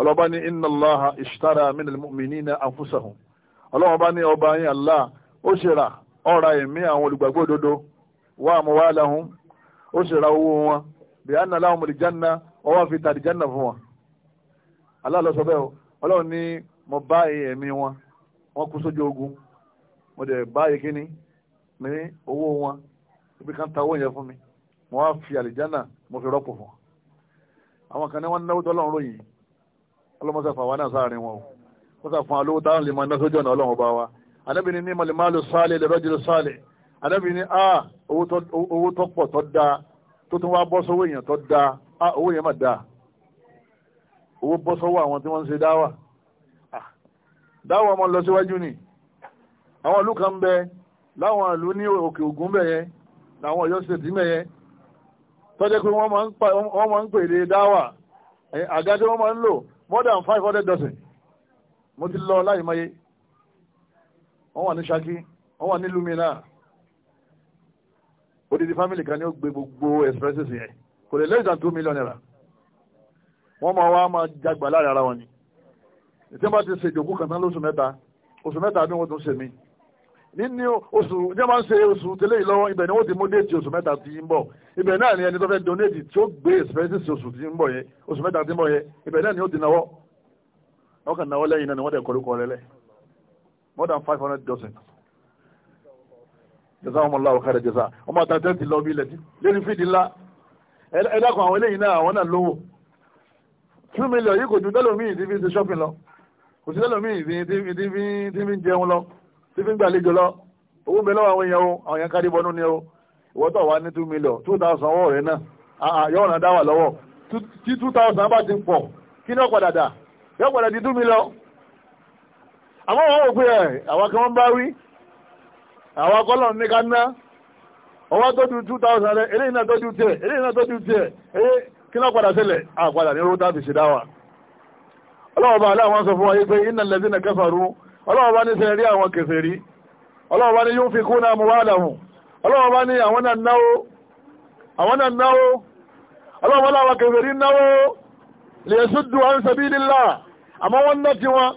S2: ọlọ́ba ní inna Allaha ishtara minal mu'minina anfusahum ọlọ́run bá ní ọba yín Allah ó ṣe ra ọ̀ra ẹ̀mí àwọn olùgbàgbọ́ òdodo wa amwalahum ó ṣe ra owó wọn bí anna lahumul janna ọwọ́ fi tàdí janna fún wọn. Allah ló sọ bẹ́ẹ̀ o ọlọ́run ní mo bá ẹ̀mí wọn wọ́n kú sójú ogun mo dẹ̀ báyìí kíní ní owó wọn ibi kan ta owó yẹn fún mi mo wá fi àlìjánà mo fi rọ́pò fún wọn àwọn kan ní wọ́n náwó tọ́lọ́run ròyìn ọlọ́mọsà fàwa náà sáàrin wọn ó sà fún alówó táwọn lè máa ná sójú ọ̀nà ọlọ́run bá wa anábìíní ní màlìmáàlù sáàlẹ̀ lẹ́rọ́jìlú sáàlẹ̀ anábìíní a owó tó pọ̀ tó da tó tún wá bọ́ sówó èèyàn tó da a owó yẹn mà da owó bọ́ sọ́wọ́ àwọn tí wọ́n ń ṣe dáwà dáwà ọmọ lọ síwájú ni àwọn ìlú kan bẹ láwọn ìlú ní òkè ògún bẹ̀ yẹn láwọn Ọ̀yọ́ sèdí bẹ̀ tọ́jẹ́ pé wọ́n máa ń pè lè dáwà àga wọ́n máa ń lò more than five hundred dozen mo ti lọ láì mọye wọ́n wà ní Ṣakí wọ́n wà ní Lumina odidi family kan ní ó gbé gbogbo expresses yẹn kò lè less than two million naira wọ́n máa wá máa jagbà láàrin ara wọn ni ìtẹ́wọ́n ti ṣèjòkú kan tán lóṣù mẹ́ta oṣù mẹ́ta bí wọ́n tún ṣe mí níní oṣù jẹ́ máa ń ṣe oṣù tẹ́lẹ̀ yìí lọ́wọ́ ibẹ̀ ni wọ́n ti mú déètì oṣù mẹ́ta tí ń bọ̀ ibẹ̀ náà ni ẹni tó fẹ́ donate tí ó gbé expenses oṣù tí ń bọ̀ yẹn oṣù mẹ́ta tí ń bọ̀ yẹn ibẹ̀ náà ni ó ti náwó wọ́n kàn náwó lẹ́yìn náà ni wọ́n tẹ̀ kọ́rúkọ rẹ lẹ̀ more than five hundred dozen jẹ́sà ọmọ ọlọ́wọ́ lọ àwọn eléyìí náà àwọn náà lówó two lọ kò sí dẹ́lòmíì tí fi ń tí fi ń gbàlejò lọ owó ń bẹ lọ́wọ́ àwọn èèyàn o àwọn èèyàn kárí bọnú ni o ìwọ́tọ̀ wá ní two million two thousand náà ah, ah, dáwà lọ́wọ́ tí two thousand bá ti pọ̀ kí ni ó padà dà yóò padà di two million àwọn àwọn òpin ẹ̀ àwọn kan wọn bá wí àwọn akọ́lọ̀ ní ká ná ọwọ́ tọ́jú two thousand rẹ̀ eléyìí náà tọ́jú tiẹ̀ eléyìí náà tiẹ̀ eh, kí ni ó padà àpadà ní rúdà fi ṣe ọlọ́wọ́ bá aláwọ̀ sọ fún wa ọlọ́wọ́ bá ní sẹ́rí àwọn kèfèrí ọlọ́wọ́ bá ní yóò fi kú náà mú wá dàhùn ọlọ́wọ́ bá ní àwọn náà náwó àwọn náà náwó ọlọ́wọ́ láwọn kèfèrí náwó lè ṣúdù à ń sẹbí nílá àmọ́ wọ́n ná ti wọn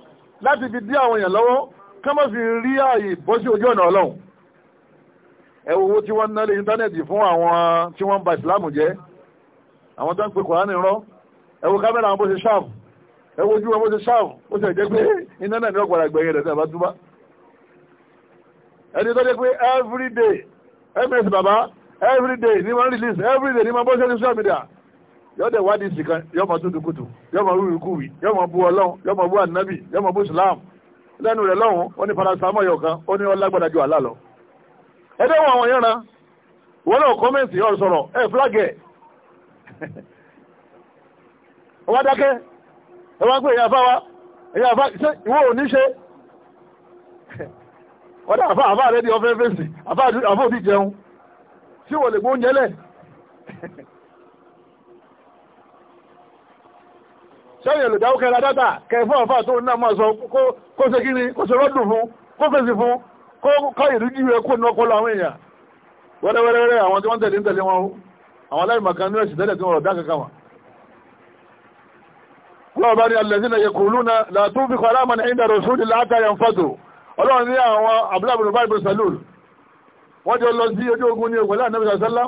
S2: láti fi dí àwọn èèyàn lọ́wọ́ ká má fi rí ààyè bọ́ sí ojú ọ̀nà ọlọ́run ẹ wo owó tí wọ́n ná lé íńtánẹ́ẹ̀tì fún àwọn tí wọ́n ba ìsìlámù jẹ́ àwọn tó ń pe kòránì rọ́ ẹ wo kámẹ́rà àwọn bó ṣe ṣáàbù ẹ wojú wọn bó ṣe ṣáàfù ó ṣe jẹ́ pé iná náà ní ọ̀pọ̀lọpọ̀ àgbẹ̀yìn rẹ̀ bá túbá ẹni tó jẹ́ pé every day ms baba every day ní wọ́n release every day ní wọ́n bọ́ sí social media yóò dẹ̀ wádìí sí kan yóò mọ̀ tútù kùtù yóò mọ̀ rúurú kúwì yóò mọ̀ bú ọlọ́run yóò mọ̀ bú ànábì yóò mọ̀ bú islam lẹ́nu rẹ̀ lọ́hùn ó ní paracetamol yọ̀ kan ó ní ọlágbádá ju àlá lọ. ẹ dẹ́wọ̀n àwọn yẹn ran wọn náà kọ́mẹ̀ntì ọ̀rọ̀ ẹ̀ flag ẹ̀ ọwọ́ dákẹ́ ẹwà pé ìyàfá wa ìyàfá ìwọ ò ní ṣe wọ́n dá àfá àfá rẹ̀ ní ọfẹ́ fèsì àfá òbí jẹun tí wọ́n lè gbóúnjẹ lẹ̀ sẹ́yìn olùdáwó kẹra dátà kẹfọ́ àfá tó náà máa sọ kó ṣe kíni kó ṣe rọ́dùn fún kó fèsì fún kó ìrújú rẹ̀ kó nà ọpọlọ àwọn èèyàn wẹ́rẹ́wẹ́rẹ́ àwọn tí wọ́n tẹ̀lé ń tẹ̀lé wọn àwọn aláìmọ̀kan ní ẹ̀sìn tẹ́lẹ̀ tí wọ́n rọ̀ dá kankan wọn ọlọ́run bá ní alẹ́sílẹ̀ yẹ kùlú na látún fi kọ́lá mọ̀nà ìdá rọ̀ṣúlì látàrí fọ́tò ọlọ́run ní àwọn abúlábùrù báyìí salúl wọ́n jọ lọ sí ojú ogun ní ògbẹ́lá ànábì sàṣálá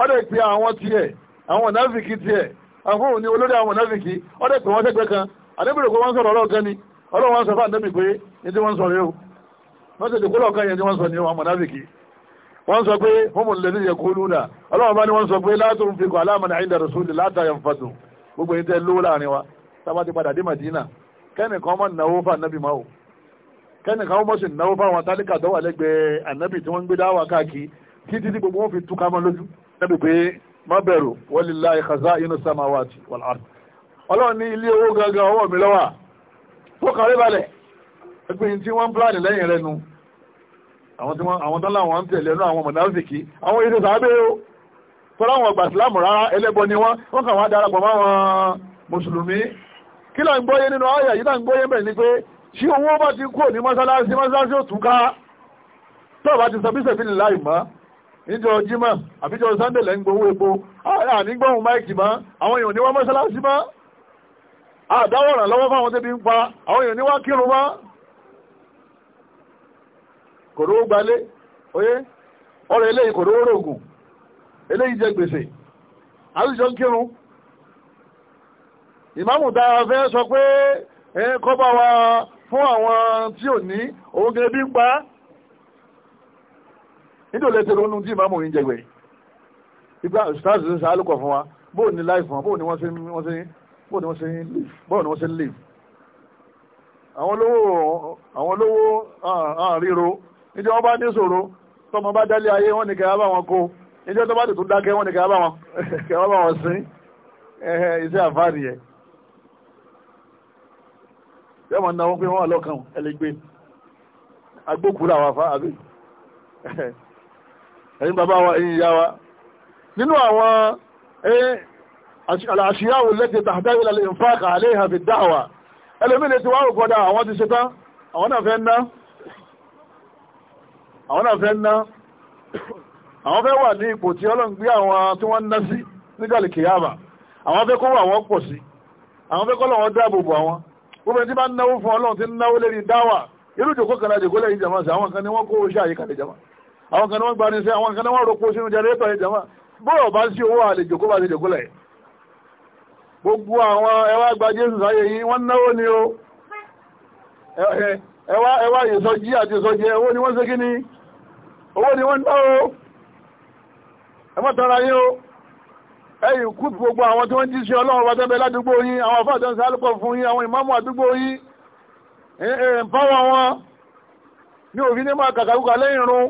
S2: ó dẹ̀ pe àwọn tiẹ̀ àwọn náfìkì tiẹ̀ àwọn òní olórí àwọn náfìkì ó dẹ̀ pè wọ́n sẹ́gbẹ́ kan àdébìrì kó wọ́n sọ̀rọ̀ ọlọ́run ni ọlọ́run wọn sọ fún àdébì pé ní tí wọ́n sọ rẹ wọ́n tábà ti padà dé Madina kẹ́nìkan ọmọ ìnáwó fún ànábì máa o kẹ́nìkan ọmọ sì náwó fún àwọn tálíkà tó wà lẹ́gbẹ̀ẹ́ ànábì tí wọ́n ń gbé dáwà káàkiri títí tí gbogbo wọn fi túká mọ́ lójú lẹ́bi pé má bẹ̀rù walillahi khaza'inu samawati wal ard ọlọ́run ní ilé owó gangan ọwọ́ mi lọ́wà fọkànlẹ́ balẹ̀ ẹgbẹ́ tí wọ́n ń pláàni lẹ́yìn rẹ̀ nu àwọn tán láwọn ń tẹ̀lé ẹnu àwọn mọ̀nàfíkì àwọn èdè sàábẹ́ o tọ́lá àwọn ọgbà rárá ẹlẹ́bọ ni wọ́n wọ́n kàn wá darapọ̀ máwọn mùsùlùmí kí lọ ń gbọ́yé nínú ọ̀yà yìí náà ń gbọ́yé mẹ́rin ni pé tí owó bá ti kúrò ní mọ́sálásí mọ́sálásí ò túká tó bá ti sọ bíṣẹ̀ fi láì mọ́ níjọ́ jímọ̀ àbíjọ́ sunday lẹ́ ń gbowó epo ànígbọ́hùn máìkì mọ́ àwọn èèyàn níwá mọ́sálásí mọ́ àdáwọ̀ràn lọ́wọ́ fáwọn tẹ́bí ń pa àwọn èèyàn níwá kírun mọ́ kòrówó gbalé oyé ọ̀rọ̀ eléyìí rògùn ìmáàmù dára fẹ́ sọ pé ẹ kọ́bá wa fún àwọn tí ò ní òun gẹ́gẹ́ bí ń pa nítorí ẹ̀tẹ̀ lónú tí ìmáàmù yìí jẹgbẹ̀ ìgbà stars ń sàálùkọ̀ fún wa bóò ní life wọn bóò ní wọ́n ṣe ń live àwọn olówó ríro níjọ́ wọ́n bá ní ṣòro tọ́mọ bá dálé ayé wọ́n ní kẹ́yà bá wọn kó níjọ́ tó bá tètè dákẹ́ wọ́n ní kẹ́yà bá wọn sí iṣẹ́ àfáàrí yẹn yọmọ náwó pé wọ́n wà lọ́kàn ẹlẹgbẹ́ agbókùúrà wà fá àbí ẹ̀yin bàbá wa ẹ̀yin ìyá wa nínú àwọn àṣíyáwò lẹ́tẹ̀ tàbí lálẹ́ ìfáàkà àléhà fi dáwà ẹlòmílẹ̀ tí wọ́n kọ́dá àwọn ti ṣetán àwọn náà fẹ́ ná àwọn náà fẹ́ ná àwọn fẹ́ wà ní ipò tí Ọlọ́run gbé kọ́lọ̀ wọn dáàbòbò àwọn gbogbo ẹni tí bá ń náwó fún ọlọ́run tí ń náwó lérí dáwà irú jòkó kan lájòkó lẹ́yìn jama sí àwọn kan ní wọ́n kó oṣù àyíkalẹ̀ jama àwọn kan ní wọ́n gbani sí àwọn kan ní wọ́n roko sínú jẹrẹ́tọ̀ yẹn jama bóyọ̀ bá sí owó àlè bá ti lẹ̀ gbogbo àwọn ẹwà o ẹ̀yìn kú gbogbo àwọn tí wọ́n jí sí ọlọ́run wọ́n tẹ́bẹ̀ ládùúgbò yín àwọn afáàtọ̀ ń sálùkọ̀ fún yín àwọn ìmáàmù àdúgbò yín ẹ̀ẹ́páwọ̀ wọn ní òfin ní máa kàkàkùkà lẹ́yìn run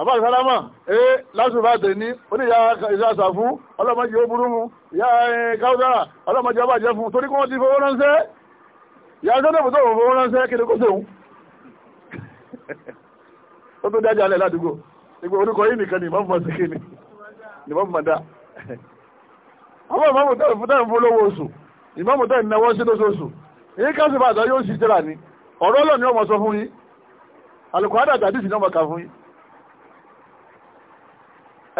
S2: àbá sálámà ee lásùfà tèní oníyà ìsàsà fún ọlọ́mọdé ó burú mu ìyá káwùsára ọlọ́mọdé ọba jẹ fún torí kí wọ́n ti fowó ránṣẹ́ ìyá sọ́dọ̀ tó fowó ránṣẹ́ kéde kó sóhun ó tó dájà lẹ̀ ládùúgbò ìgbà orúkọ yìí nìkan ni ìmọ̀ fún ọ̀sẹ̀ kéde ìmọ̀ mọ̀dá àwọn ìmọ̀mù tẹ́lẹ̀ fún tẹ́lẹ̀ fún olówó oṣù ìmọ̀mù tẹ́lẹ̀ náwó sí lóṣooṣù èyí ká sì bá àdá yóò ni ọ̀rọ̀ ọlọ́ ni ọmọ sọ fún yín alùpùpù àdàtà dìsì ní ọmọ kà fún yín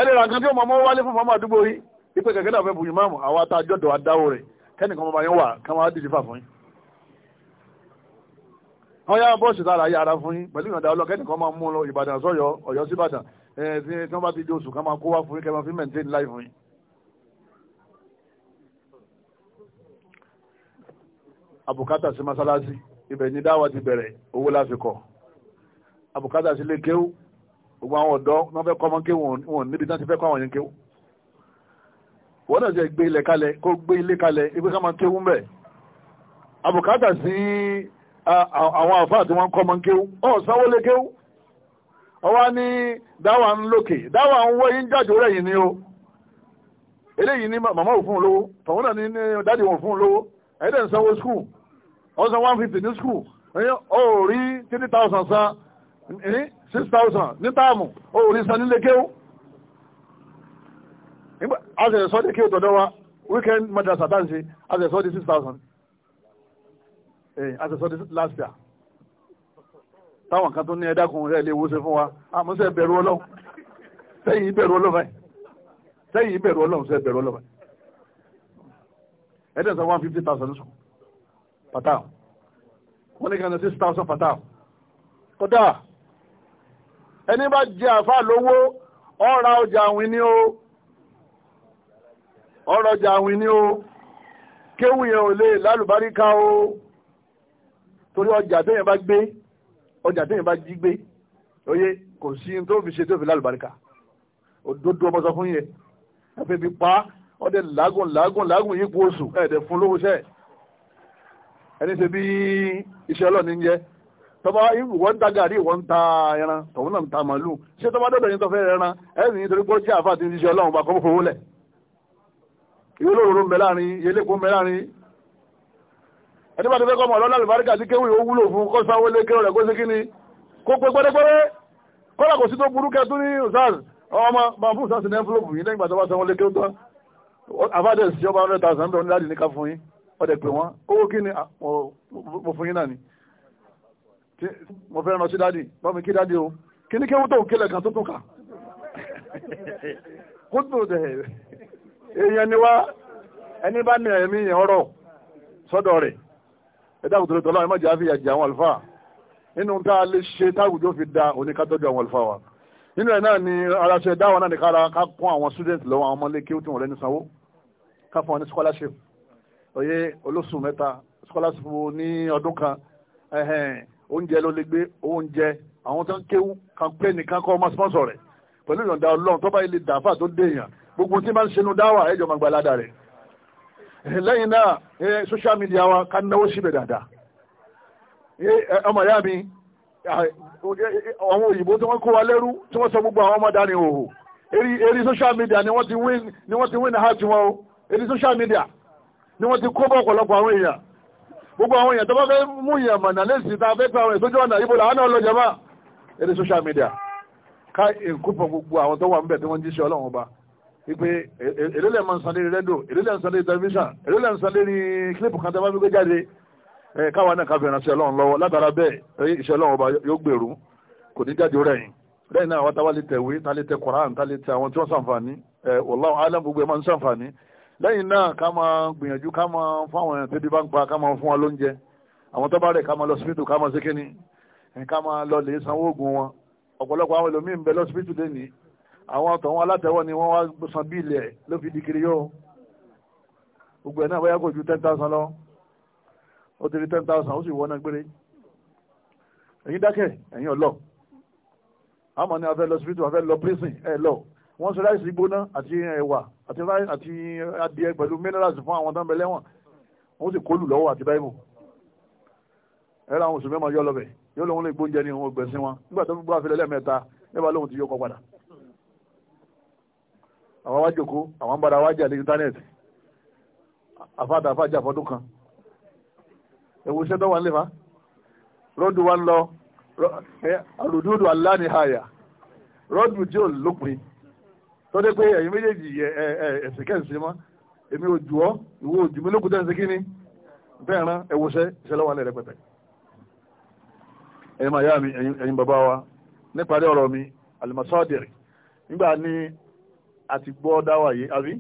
S2: ẹlẹ́ra kan tí ó mọ̀ mọ́ wálé fún mọ́mọ́ àdúgbò yín ipe kẹ̀kẹ́ náà fẹ́ bu ìmọ̀mù àwọn atajọ́dọ̀ adáwó rẹ̀ kẹ́nìkan mọ́mọ́ yín wà ká máa fà fún yín wọ́n yá bọ́ọ̀sì lára yára fún yín pẹ̀lú ìrànlọ́wọ́ kẹ́nìkan máa mú lọ Ìbàdàn sọ́yọ́ Ọ̀yọ́ síbàdàn tí wọ́n bá ti di oṣù kan máa kó wá fún yín kẹ́ máa fi maintain life yín. àbùkátà sí masalasi ibẹ̀ ní dáwà ti bẹ̀rẹ̀ owó lásìkò àbùkátà sí lè kéwú gbogbo àwọn ọ̀dọ́ wọ́n fẹ́ kọ́ ọmọ kéwú wọn níbi tán ti fẹ́ kọ́ àwọn yẹn kéwú wọ́n náà jẹ́ gbé ilẹ̀ kalẹ̀ kó gbé ilé kalẹ̀ ibi ká máa kéwú mbẹ̀ àbùkátà sí àwọn àfáà tí wọ́n kọ́ ọmọ kéwú ọ̀ sanwó lé kéwú ọwá ní dáwà ń lókè dáwà ń wọ́ yín jáde rẹ̀ yìí ni o eléyìí ní màmá òfin lówó tọ̀hún náà ní dáàdì wọn fún lówó ẹ̀ẹ́dẹ̀ ń sanwó skul ó san one fifty ní skul ó rí three thousand san six thousand ní táàmù ó rí san nílé kéwú a sì sọ́ ní kéwú tọ̀dọ̀ wa weekend madrasa dance. a sì sọ́ di six thousand a sì sọ́ di last year táwọn kan tó ní ẹ̀dákun rẹ̀ lè wúṣe fún wa àmúṣe ah, bẹ̀rù ọlọ́run sẹ́yìn bẹ̀rù ọlọ́run báyìí sẹ́yìn bẹ̀rù ọlọ́run sẹ́ bẹ̀rù ọlọ́run sọ one fifty thousand sùn pàtà wọ́n ní kan six thousand pàtà kódà ẹni bá jẹ àfa lówó ọ̀ra ọjà àwìn ni ó ọ̀ra ọjà àwìn ni ó kéwù yẹn ò lè lálùbáríkà ó torí ọjà téèyàn bá gbé ọjà tẹ́yìn bá jí gbé oyé kò sí tó fi ṣe tó fi lálùbáríkà òdodo ọmọ sọ fún yẹn ẹ̀fẹ́ fi pa ọdẹ làágùn làágùn làágùn yìí kú oṣù ẹ̀ẹ́dẹ̀ fún lówó iṣẹ́ ẹni ṣe bí iṣẹ́ ọlọ́ọ̀ni ń jẹ́ tọba ìwọ́n ń ta gàrí ìwọ́n ń ta ẹran tọ̀hún náà ń ta màálù ṣé tọba dọ̀dọ̀ yín tọ́fẹ́ ẹran ẹ̀sìn nítorí pé ó jẹ́ àfáà tí ń ṣiṣẹ́ bá kọ́ fowó lẹ̀ ìwé lóòrò ń bẹ láàrin iye lẹ́kọ̀ọ́ ń bẹ láàrin ẹni bá ti fẹ́ kọ́ lọ́nà àlùbáríkà sí kéwì ó wúlò fún kó lé kéwì rẹ̀ kó sí kíni kó pé pẹ́rẹ́pẹ́rẹ́ kọ́lá kò sí tó burú kẹ́tún ní usaz ọmọ máa fún usaz ní envelope yìí lẹ́yìn gbàtọ́ bá sanwó lé kéwì tán àbádẹ́ sí ọba hundred thousand bẹ́ẹ̀ oníláàdì ní fún yín ọdẹ pé wọ́n owó kíni ah, mo fún yín náà ni mo fẹ́ ràn sí dáàdì bá mi kí dáàdì o kíní kéwì tó kílẹ̀ kan tó tún kà kótó ni wá ẹni bá ní ẹ̀mí ọ̀rọ̀ sọ́dọ̀ rẹ̀ ẹ̀dá kòtò lọ́tọ̀ láwọn ẹ̀mọ́jà fi yàjì àwọn àlùfáà nínú tá a lè ṣe táwùjọ fi da oníkatọ́jú àwọn àlùfáà wa nínú ẹ̀ náà ni ara ṣe dáwọn náà ní kára ká kún àwọn students lọ́wọ́ àwọn ọmọlé kí ó tún wọlé ní sanwó ká fún wọn ní scholarship oyè olóṣù mẹ́ta scholarship ní ọdún kan oúnjẹ ló lè gbé oúnjẹ àwọn tó ń kéwú campaign nìkan kọ́ ọmọ sponsor rẹ̀ pẹ̀lú ìyọ̀ǹda ọlọ́run tó bá lè dàáfà tó dé èèyàn gbogbo tí bá ń ṣe nu dáwà ẹ̀jọ̀ máa gbalada rẹ̀ lẹ́yìn náà social media wa ká náwó síbẹ̀ dáadáa dada ìyá mi àwọn òyìnbó tí wọ́n kó wa lẹ́rú tí wọ́n sọ gbogbo àwọn ọmọ dání òhò eri social media ni wọ́n ti win ni wọ́n ti win heart wọn o social media ni wọ́n ti kó bọ́ ọ̀pọ̀lọpọ̀ àwọn èèyàn gbogbo àwọn èèyàn tó bá fẹ́ mú èèyàn mọ̀nà lẹ́sìn tá a fẹ́ pé àwọn èèyàn sójú ọ̀nà ibo làwọn náà máa social media ká gbogbo àwọn tó wà ń bẹ̀ tí wọ́n wípé e, e, èrè lẹ̀ máa ń san lérí rédíò èrè lẹ̀ ń san lérí tẹlifíṣàn èrè lẹ̀ ń san lérí kílípù kan tẹ́ bá fi gbé jáde ẹ káwa náà ká fi ránṣẹ́ ọlọ́run lọ́wọ́ látara bẹ́ẹ̀ iṣẹ́ ọlọ́run ọba yóò gbèrú kò ní jáde rẹ̀yìn lẹ́yìn náà àwọn táwa lè tẹ̀wé tá lè tẹ koran tá lè tẹ àwọn tí wọ́n sàǹfààní ẹ wallahu alam gbogbo ẹ̀ máa ń sàǹfààní lẹ́yìn náà ká máa gbìyànjú ká máa fún àwọn èèyàn tẹ́bí àwọn àtọ̀wọn alátẹ̀wọ́ ni wọ́n wá san bíìlì ẹ̀ ló fi di kiri yóò gbogbo ẹ̀ náà bóyá kò ju ten thousand lọ ó ti rí ten thousand ó sì wọ́n náà gbére ẹ̀yin dákẹ́ ẹ̀yin ọ̀lọ́ àmọ́ ni a fẹ́ lọ síbítù a fẹ́ lọ prison ẹ̀ lọ wọ́n sọ láìsí gbóná àti ẹ̀wà àti adìẹ pẹ̀lú minerals fún àwọn tán bẹ lẹ́wọ̀n wọ́n sì kólù lọ́wọ́ àti báyìí ẹ̀rọ àwọn oṣù mẹ́mọ̀ yọ lọ́bẹ̀ yóò lóun lè gbóúnjẹ ní òun ògbẹ̀sìn wọn nígbà tó gbọ́ àfilẹ̀ lẹ́ẹ̀mẹ́ta nígbà lóun ti yọkọ̀ padà àwọn wá jòkó àwọn bára wá jà ní íńtánẹ́ẹ̀tì àfáàtà àfáàjà fọdún kan ewu iṣẹ́ tó wà nílẹ̀ fa rọ́ọ̀dù wa ń lọ alùdúdù aláàníhàyà rọ́ọ̀dù tí ò lópin tó dé pé ẹ̀yin méjèèjì ẹ̀sìn kẹ́sìn mọ́ èmi ò jù ọ́ ìwọ ò jù mí lókùtà ẹ̀sìn kí ni bẹ́ẹ̀ rán ewu iṣẹ́ iṣẹ́ lọ́wọ́ nílẹ̀ rẹpẹtẹ. ẹ̀yin màyá mi ẹ̀yin bàbá wa níparí àti gbọ́ dáwà yìí àbí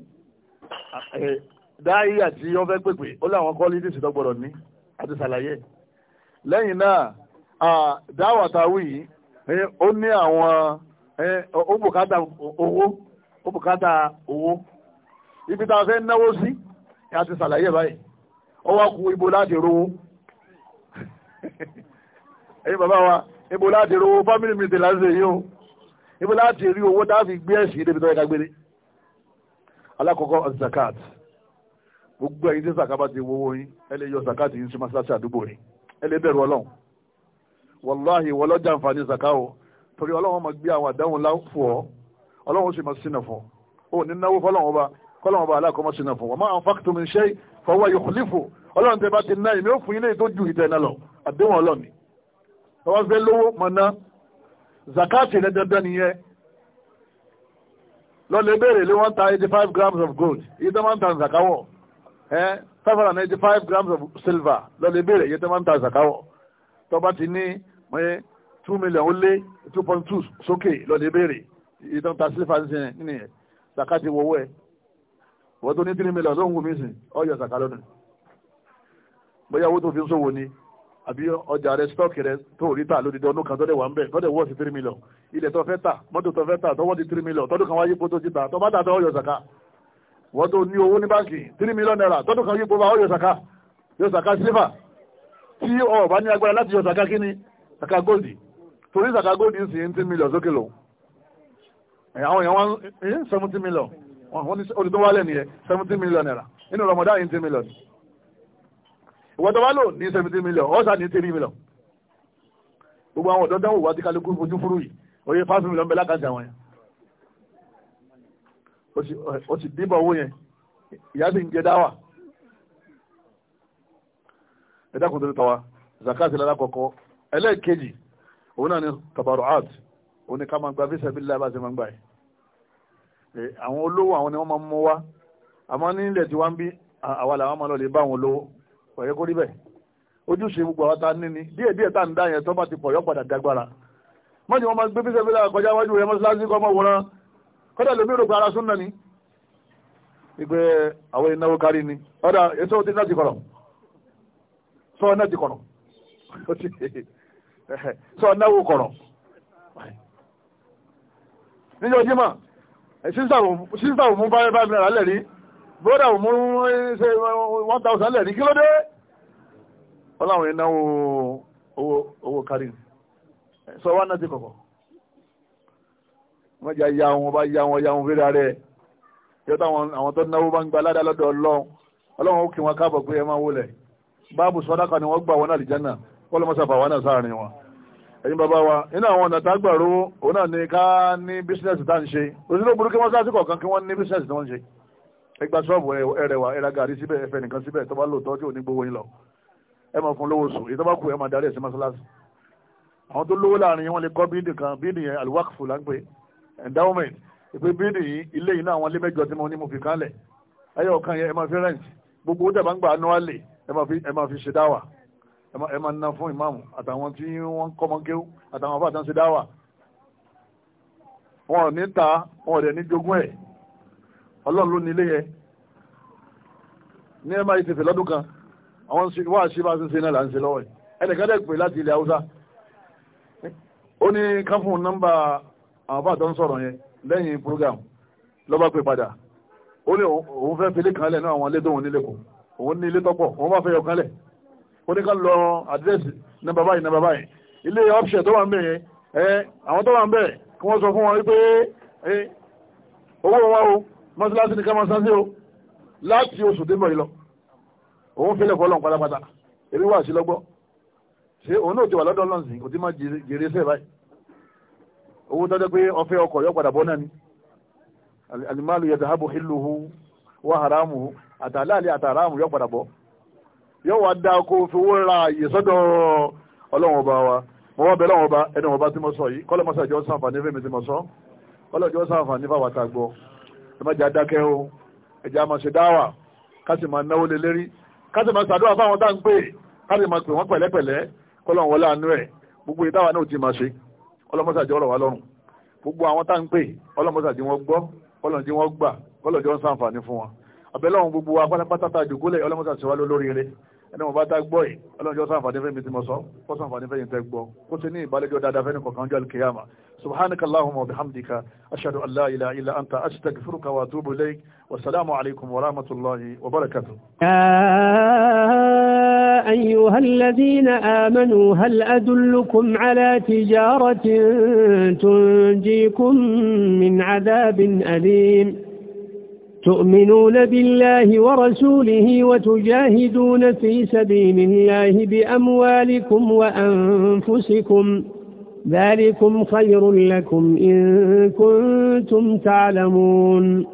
S2: dáyé àti wọ́n fẹ́ pèpè ó láwọn qualities tó gbọ́dọ̀ ní àti ṣàlàyé lẹ́yìn náà dáwà táwí yìí ó ní àwọn ó bùkátà owó ó bùkátà owó ibi tá a fẹ́ náwó sí àti ṣàlàyé báyìí ó wá ku ibo láti rówó ẹ̀yin bàbá wa ibo láti rówó family meeting láti ṣe yìí o ibo láti rí owó tá a fi gbé ẹ̀sìn débi tó yẹ ká gbére alákọ̀ọ́kọ́ zakat gbogbo ẹ̀yin tí zakaba ti wọ́wọ́ yín ẹ lè yọ zakat yín sí masalasi àdúgbò yín ẹ lè bẹ̀rù ọlọ́run wàláhì wọlọ́jà àǹfààní zakawo torí ọlọ́run máa gbé àwọn àdáhùn láfọ̀ ọ́ ọlọ́run sì máa sínà fún ọ ò ní náwó fọlọ́run ọba kọ́lọ́run ọba aláàkọ́mọ́ sínà fún wa ma anfaqtum min shay fahuwa yukhlifu ọlọ́run tẹ bá ti ná èmi ó fún yín tó ju ìtẹ̀ lọ àdéhùn ọlọ́run ni ọwọ́ fẹ́ lówó mọ̀ ná zakati rẹ̀ dandan nìyẹn lọ́lẹ̀ béèrè lé wọ́n ta eighty five grams of gold iye tó máa ń ta zàkáwọ̀ ẹ́ five hundred eighty five grams of silver lọ́lẹ̀ béèrè iye tó máa ń ta zàkáwọ̀ tó ti ní two million ó lé two point two sókè lọ́lẹ̀ béèrè iye tó ń ta silver ń sin nínú yẹn zaka ti wọ́wọ́ ẹ̀ wọ́n tó ní three million ló ń wù mí sìn ọ̀yọ̀ zaka lónìí bóyá owó tó fi ń ṣòwò ni àbí ọjà rẹ stọọkì rẹ tó rí tà lódìdí ọdún kan tọ́dẹ̀ wà ń bẹ̀ tọ́dẹ̀ wọ́ọ̀sì three million ilẹ̀ tó fẹ́ tà mọ́tò tó fẹ́ tà tọ́wọ́ di three million tọ́dún kan wáyé pótó síta tọ́ bá dà tọ́ ọyọ̀ sàká wọ́n tó ní owó ní báńkì three million naira tọ́dún kan yípo bá ọyọ̀ sàká yọ sàká sílfà tí ọ bá ní agbára láti yọ sàká kíní sàká góòdì torí sàká góòdì sì ń tí million sókè lọ àwọn èèyàn wọn seventy million wọn ní olùdó wálẹ̀ nìyẹn seventy million naira nínú Ramadan yìí ń million ìwọ́n tó wá lò ní seventy million ọ̀sán ní three million gbogbo àwọn ọ̀dọ́ dánwò wá tí kálukú fojú fúrú yìí oye five million bẹ́ẹ̀ lákàtí àwọn yẹn ó ti dìbò owó yẹn ìyá sì ń jẹ dáwà ẹ̀dá kò tó ti tọ́wa zakati lára kọ̀kọ́ ẹlẹ́ẹ̀kejì òun náà ni tabaru'at òun ni ká máa gba fisa bíi lábàá sí máa gbà yìí àwọn olówó àwọn ni wọ́n máa mú wá àmọ́ nílẹ̀ tí wọ́n ń bí àwa làwọn máa lọ lè bá àwọn olówó kò yẹ kó rí bẹ́ẹ̀ ojúṣe gbogbo àwọn tá ní ni díẹ̀ díẹ̀ tá à ń dá yẹn tó bá ti pọ̀ yọ padà dágbára mọ́jú wọn máa gbé bíṣẹ́ bíṣẹ́ kọjá wájú rẹ mọ́ṣáláṣí kọ́ mọ́ wòran kọ́dà lómi rògbò ara súnà ni ìgbé àwọn ìnáwó kárí ni ọ̀dà ètò ti náà ti kọ̀rọ̀ sọ náà ti kọ̀rọ̀ sọ náwó kọ̀rọ̀ níjọ́ jímọ̀ sísà òmú báyẹ̀ báyẹ̀ lẹ́rí bóódà òmú one thousand lẹ́rí kí ló dé ọláwọn yẹn náwó owó kárí sọ wá náà ti kọ̀kọ̀ wọ́n jà ya wọn bá ya wọn ya wọn fẹ́ra rẹ̀ yọ táwọn àwọn tó náwó bá ń gba aládàá lọ́dọ̀ ọlọ́run ọlọ́run ó kí wọn káàbọ̀ pé ẹ máa wọlẹ̀ báàbù sọ́dáka ni wọ́n gbà wọn náà àlìjánà wọ́n lọ́ mọ́sàfà wọn náà sáàrin wọn ẹ̀yin bàbá wa nínú àwọn ọ̀nà tá a gbà rówó òun náà ni ká ní bísínẹ́sì tá à ń ṣe òṣèlú burúkú wọn sáà sí kọ̀ọ̀kan kí wọ́n ní bísínẹ́sì tí wọ́n ń ṣe ẹgbà ṣọ́ọ̀bù ẹrẹwà ẹra síbẹ̀ ẹfẹ nìkan síbẹ̀ tó bá lóòótọ́ tí ò ní gbowó yín lọ ẹ máa fún lówó sùn ìtọ́ bá kù ẹ máa darí ẹ̀ sí mọ́ṣáláṣí àwọn tó lówó láàrin wọn lè kọ́ bíndì kan bíndì yẹn alwakfu la ń pè endowment ìpè bíndì yìí ilé yìí náà àwọn ilé mẹ́jọ tí mo ní mo fi kálẹ̀ ẹyọ kan yẹn ẹ máa fi rent gbogbo ó dàbá ń gbà annually ẹ máa fi ṣe dáwà ẹ máa ná fún ìmáàmù àtàwọn tí wọ́n kọ́ mọ́ kéwú àtàwọn afọ àtàwọn ṣe dáwà wọn ò ní ta wọn ò dẹ̀ ní jogún ẹ̀ ọlọ́run ló ní ilé yẹn ní ẹ máa ṣe fẹ́ lọ́dún kan àwọn wá sí bá ṣe náà là ń ṣe lọ́wọ́ ẹnìkan dẹ̀ pè láti ilẹ̀ haúsá ó ní káfún nọ́mbà àwọn bá tó ń sọ̀rọ̀ yẹn lẹ́yìn program lọ́ba pè padà ó ní òun fẹ́ filé kan lẹ̀ náà àwọn ilé tó wọn nílé kù òun ní ilé tọ́pọ̀ òun bá fẹ́ yọ kan lẹ̀ ó ní ká lọ àdírẹ́sì ní bàbá yìí ní bàbá yìí ilé ọ́pṣẹ̀ tó wà ń bẹ̀ yẹn ẹ àwọn tó wà ń bẹ̀ kí wọ́n sọ fún wọn wípé owó wa o mọ́sálásí ni ká máa sáńsí o láti oṣù dé mọ́ yìí lọ òun fílẹ̀ fọ́ lọ́n pátápátá ebi wà sí lọ́gbọ́ ṣé òun náà ti wà lọ́dọ̀ lọ́nsìn kò ti máa jèrè sẹ́ẹ̀ báyìí owó tọ́jọ́ pé ọfẹ́ ọkọ̀ yọ padà bọ́ náà ni alimalu yadahabu hiluhu wa haramuhu àtàláàlì àtàràmù yọ padà bọ́ yọ wá dá kó fowó ra àyè sọ́dọ̀ ọlọ́run ọba wa mo wá bẹ lọ́wọ́ ọba ẹni ọba tí mo sọ yìí kọ́lọ́ mọ́sá ìjọ sàǹfààní fẹ́mi tí mo sọ kọ́lọ́ ìjọ sàǹfààní fáwọn àtàgbọ́ ẹ má jẹ́ adákẹ́ o ẹ jẹ́ àmọ́ ṣe dáwà ká sì máa náwó lé lérí káṣí máa ṣàdúrà fáwọn tá ń pè káṣí máa pè wọ́n pẹ̀lẹ́pẹ̀lẹ́ kọ́lọ́n wọlé àánú ẹ̀ gbogbo ìtawà náà ti máa ṣe ọlọ́mọ́sàjẹ́ ọ̀rọ̀ wa lọ́rùn gbogbo àwọn tá ń pè ọlọ́mọ́sàjẹ́ wọn gbọ́ kọ́lọ́n jí wọ́n gbà kọ́lọ́n jí wọ́n ṣàǹfààní fún wọn àbẹ̀lọ́run gbogbo wa pátápátá tá wa lórí rẹ̀ ẹni wọn bá dá gbọ́ yìí ọlọ́njọ́ sáǹfààní fẹ́ mi ti mọ̀ sọ kó sáǹfààní fẹ́ yìí tẹ́ gbọ́ kó sì ní ìbálẹ́jọ́ dáadáa fẹ́ni kọ̀ọ̀kan jọ alkiyama subhanaka allahumma wa bihamdika ashhadu an la ilaha illa anta astaghfiruka wa atubu ilayk wa salaamu alaykum wa rahmatullahi wa barakatuh
S1: أيها الذين آمنوا هل أدلكم على تجارة تنجيكم من عذاب
S2: أليم تؤمنون بالله ورسوله وتجاهدون في سبيل الله بأموالكم وأنفسكم ذلكم خير لكم إن كنتم تعلمون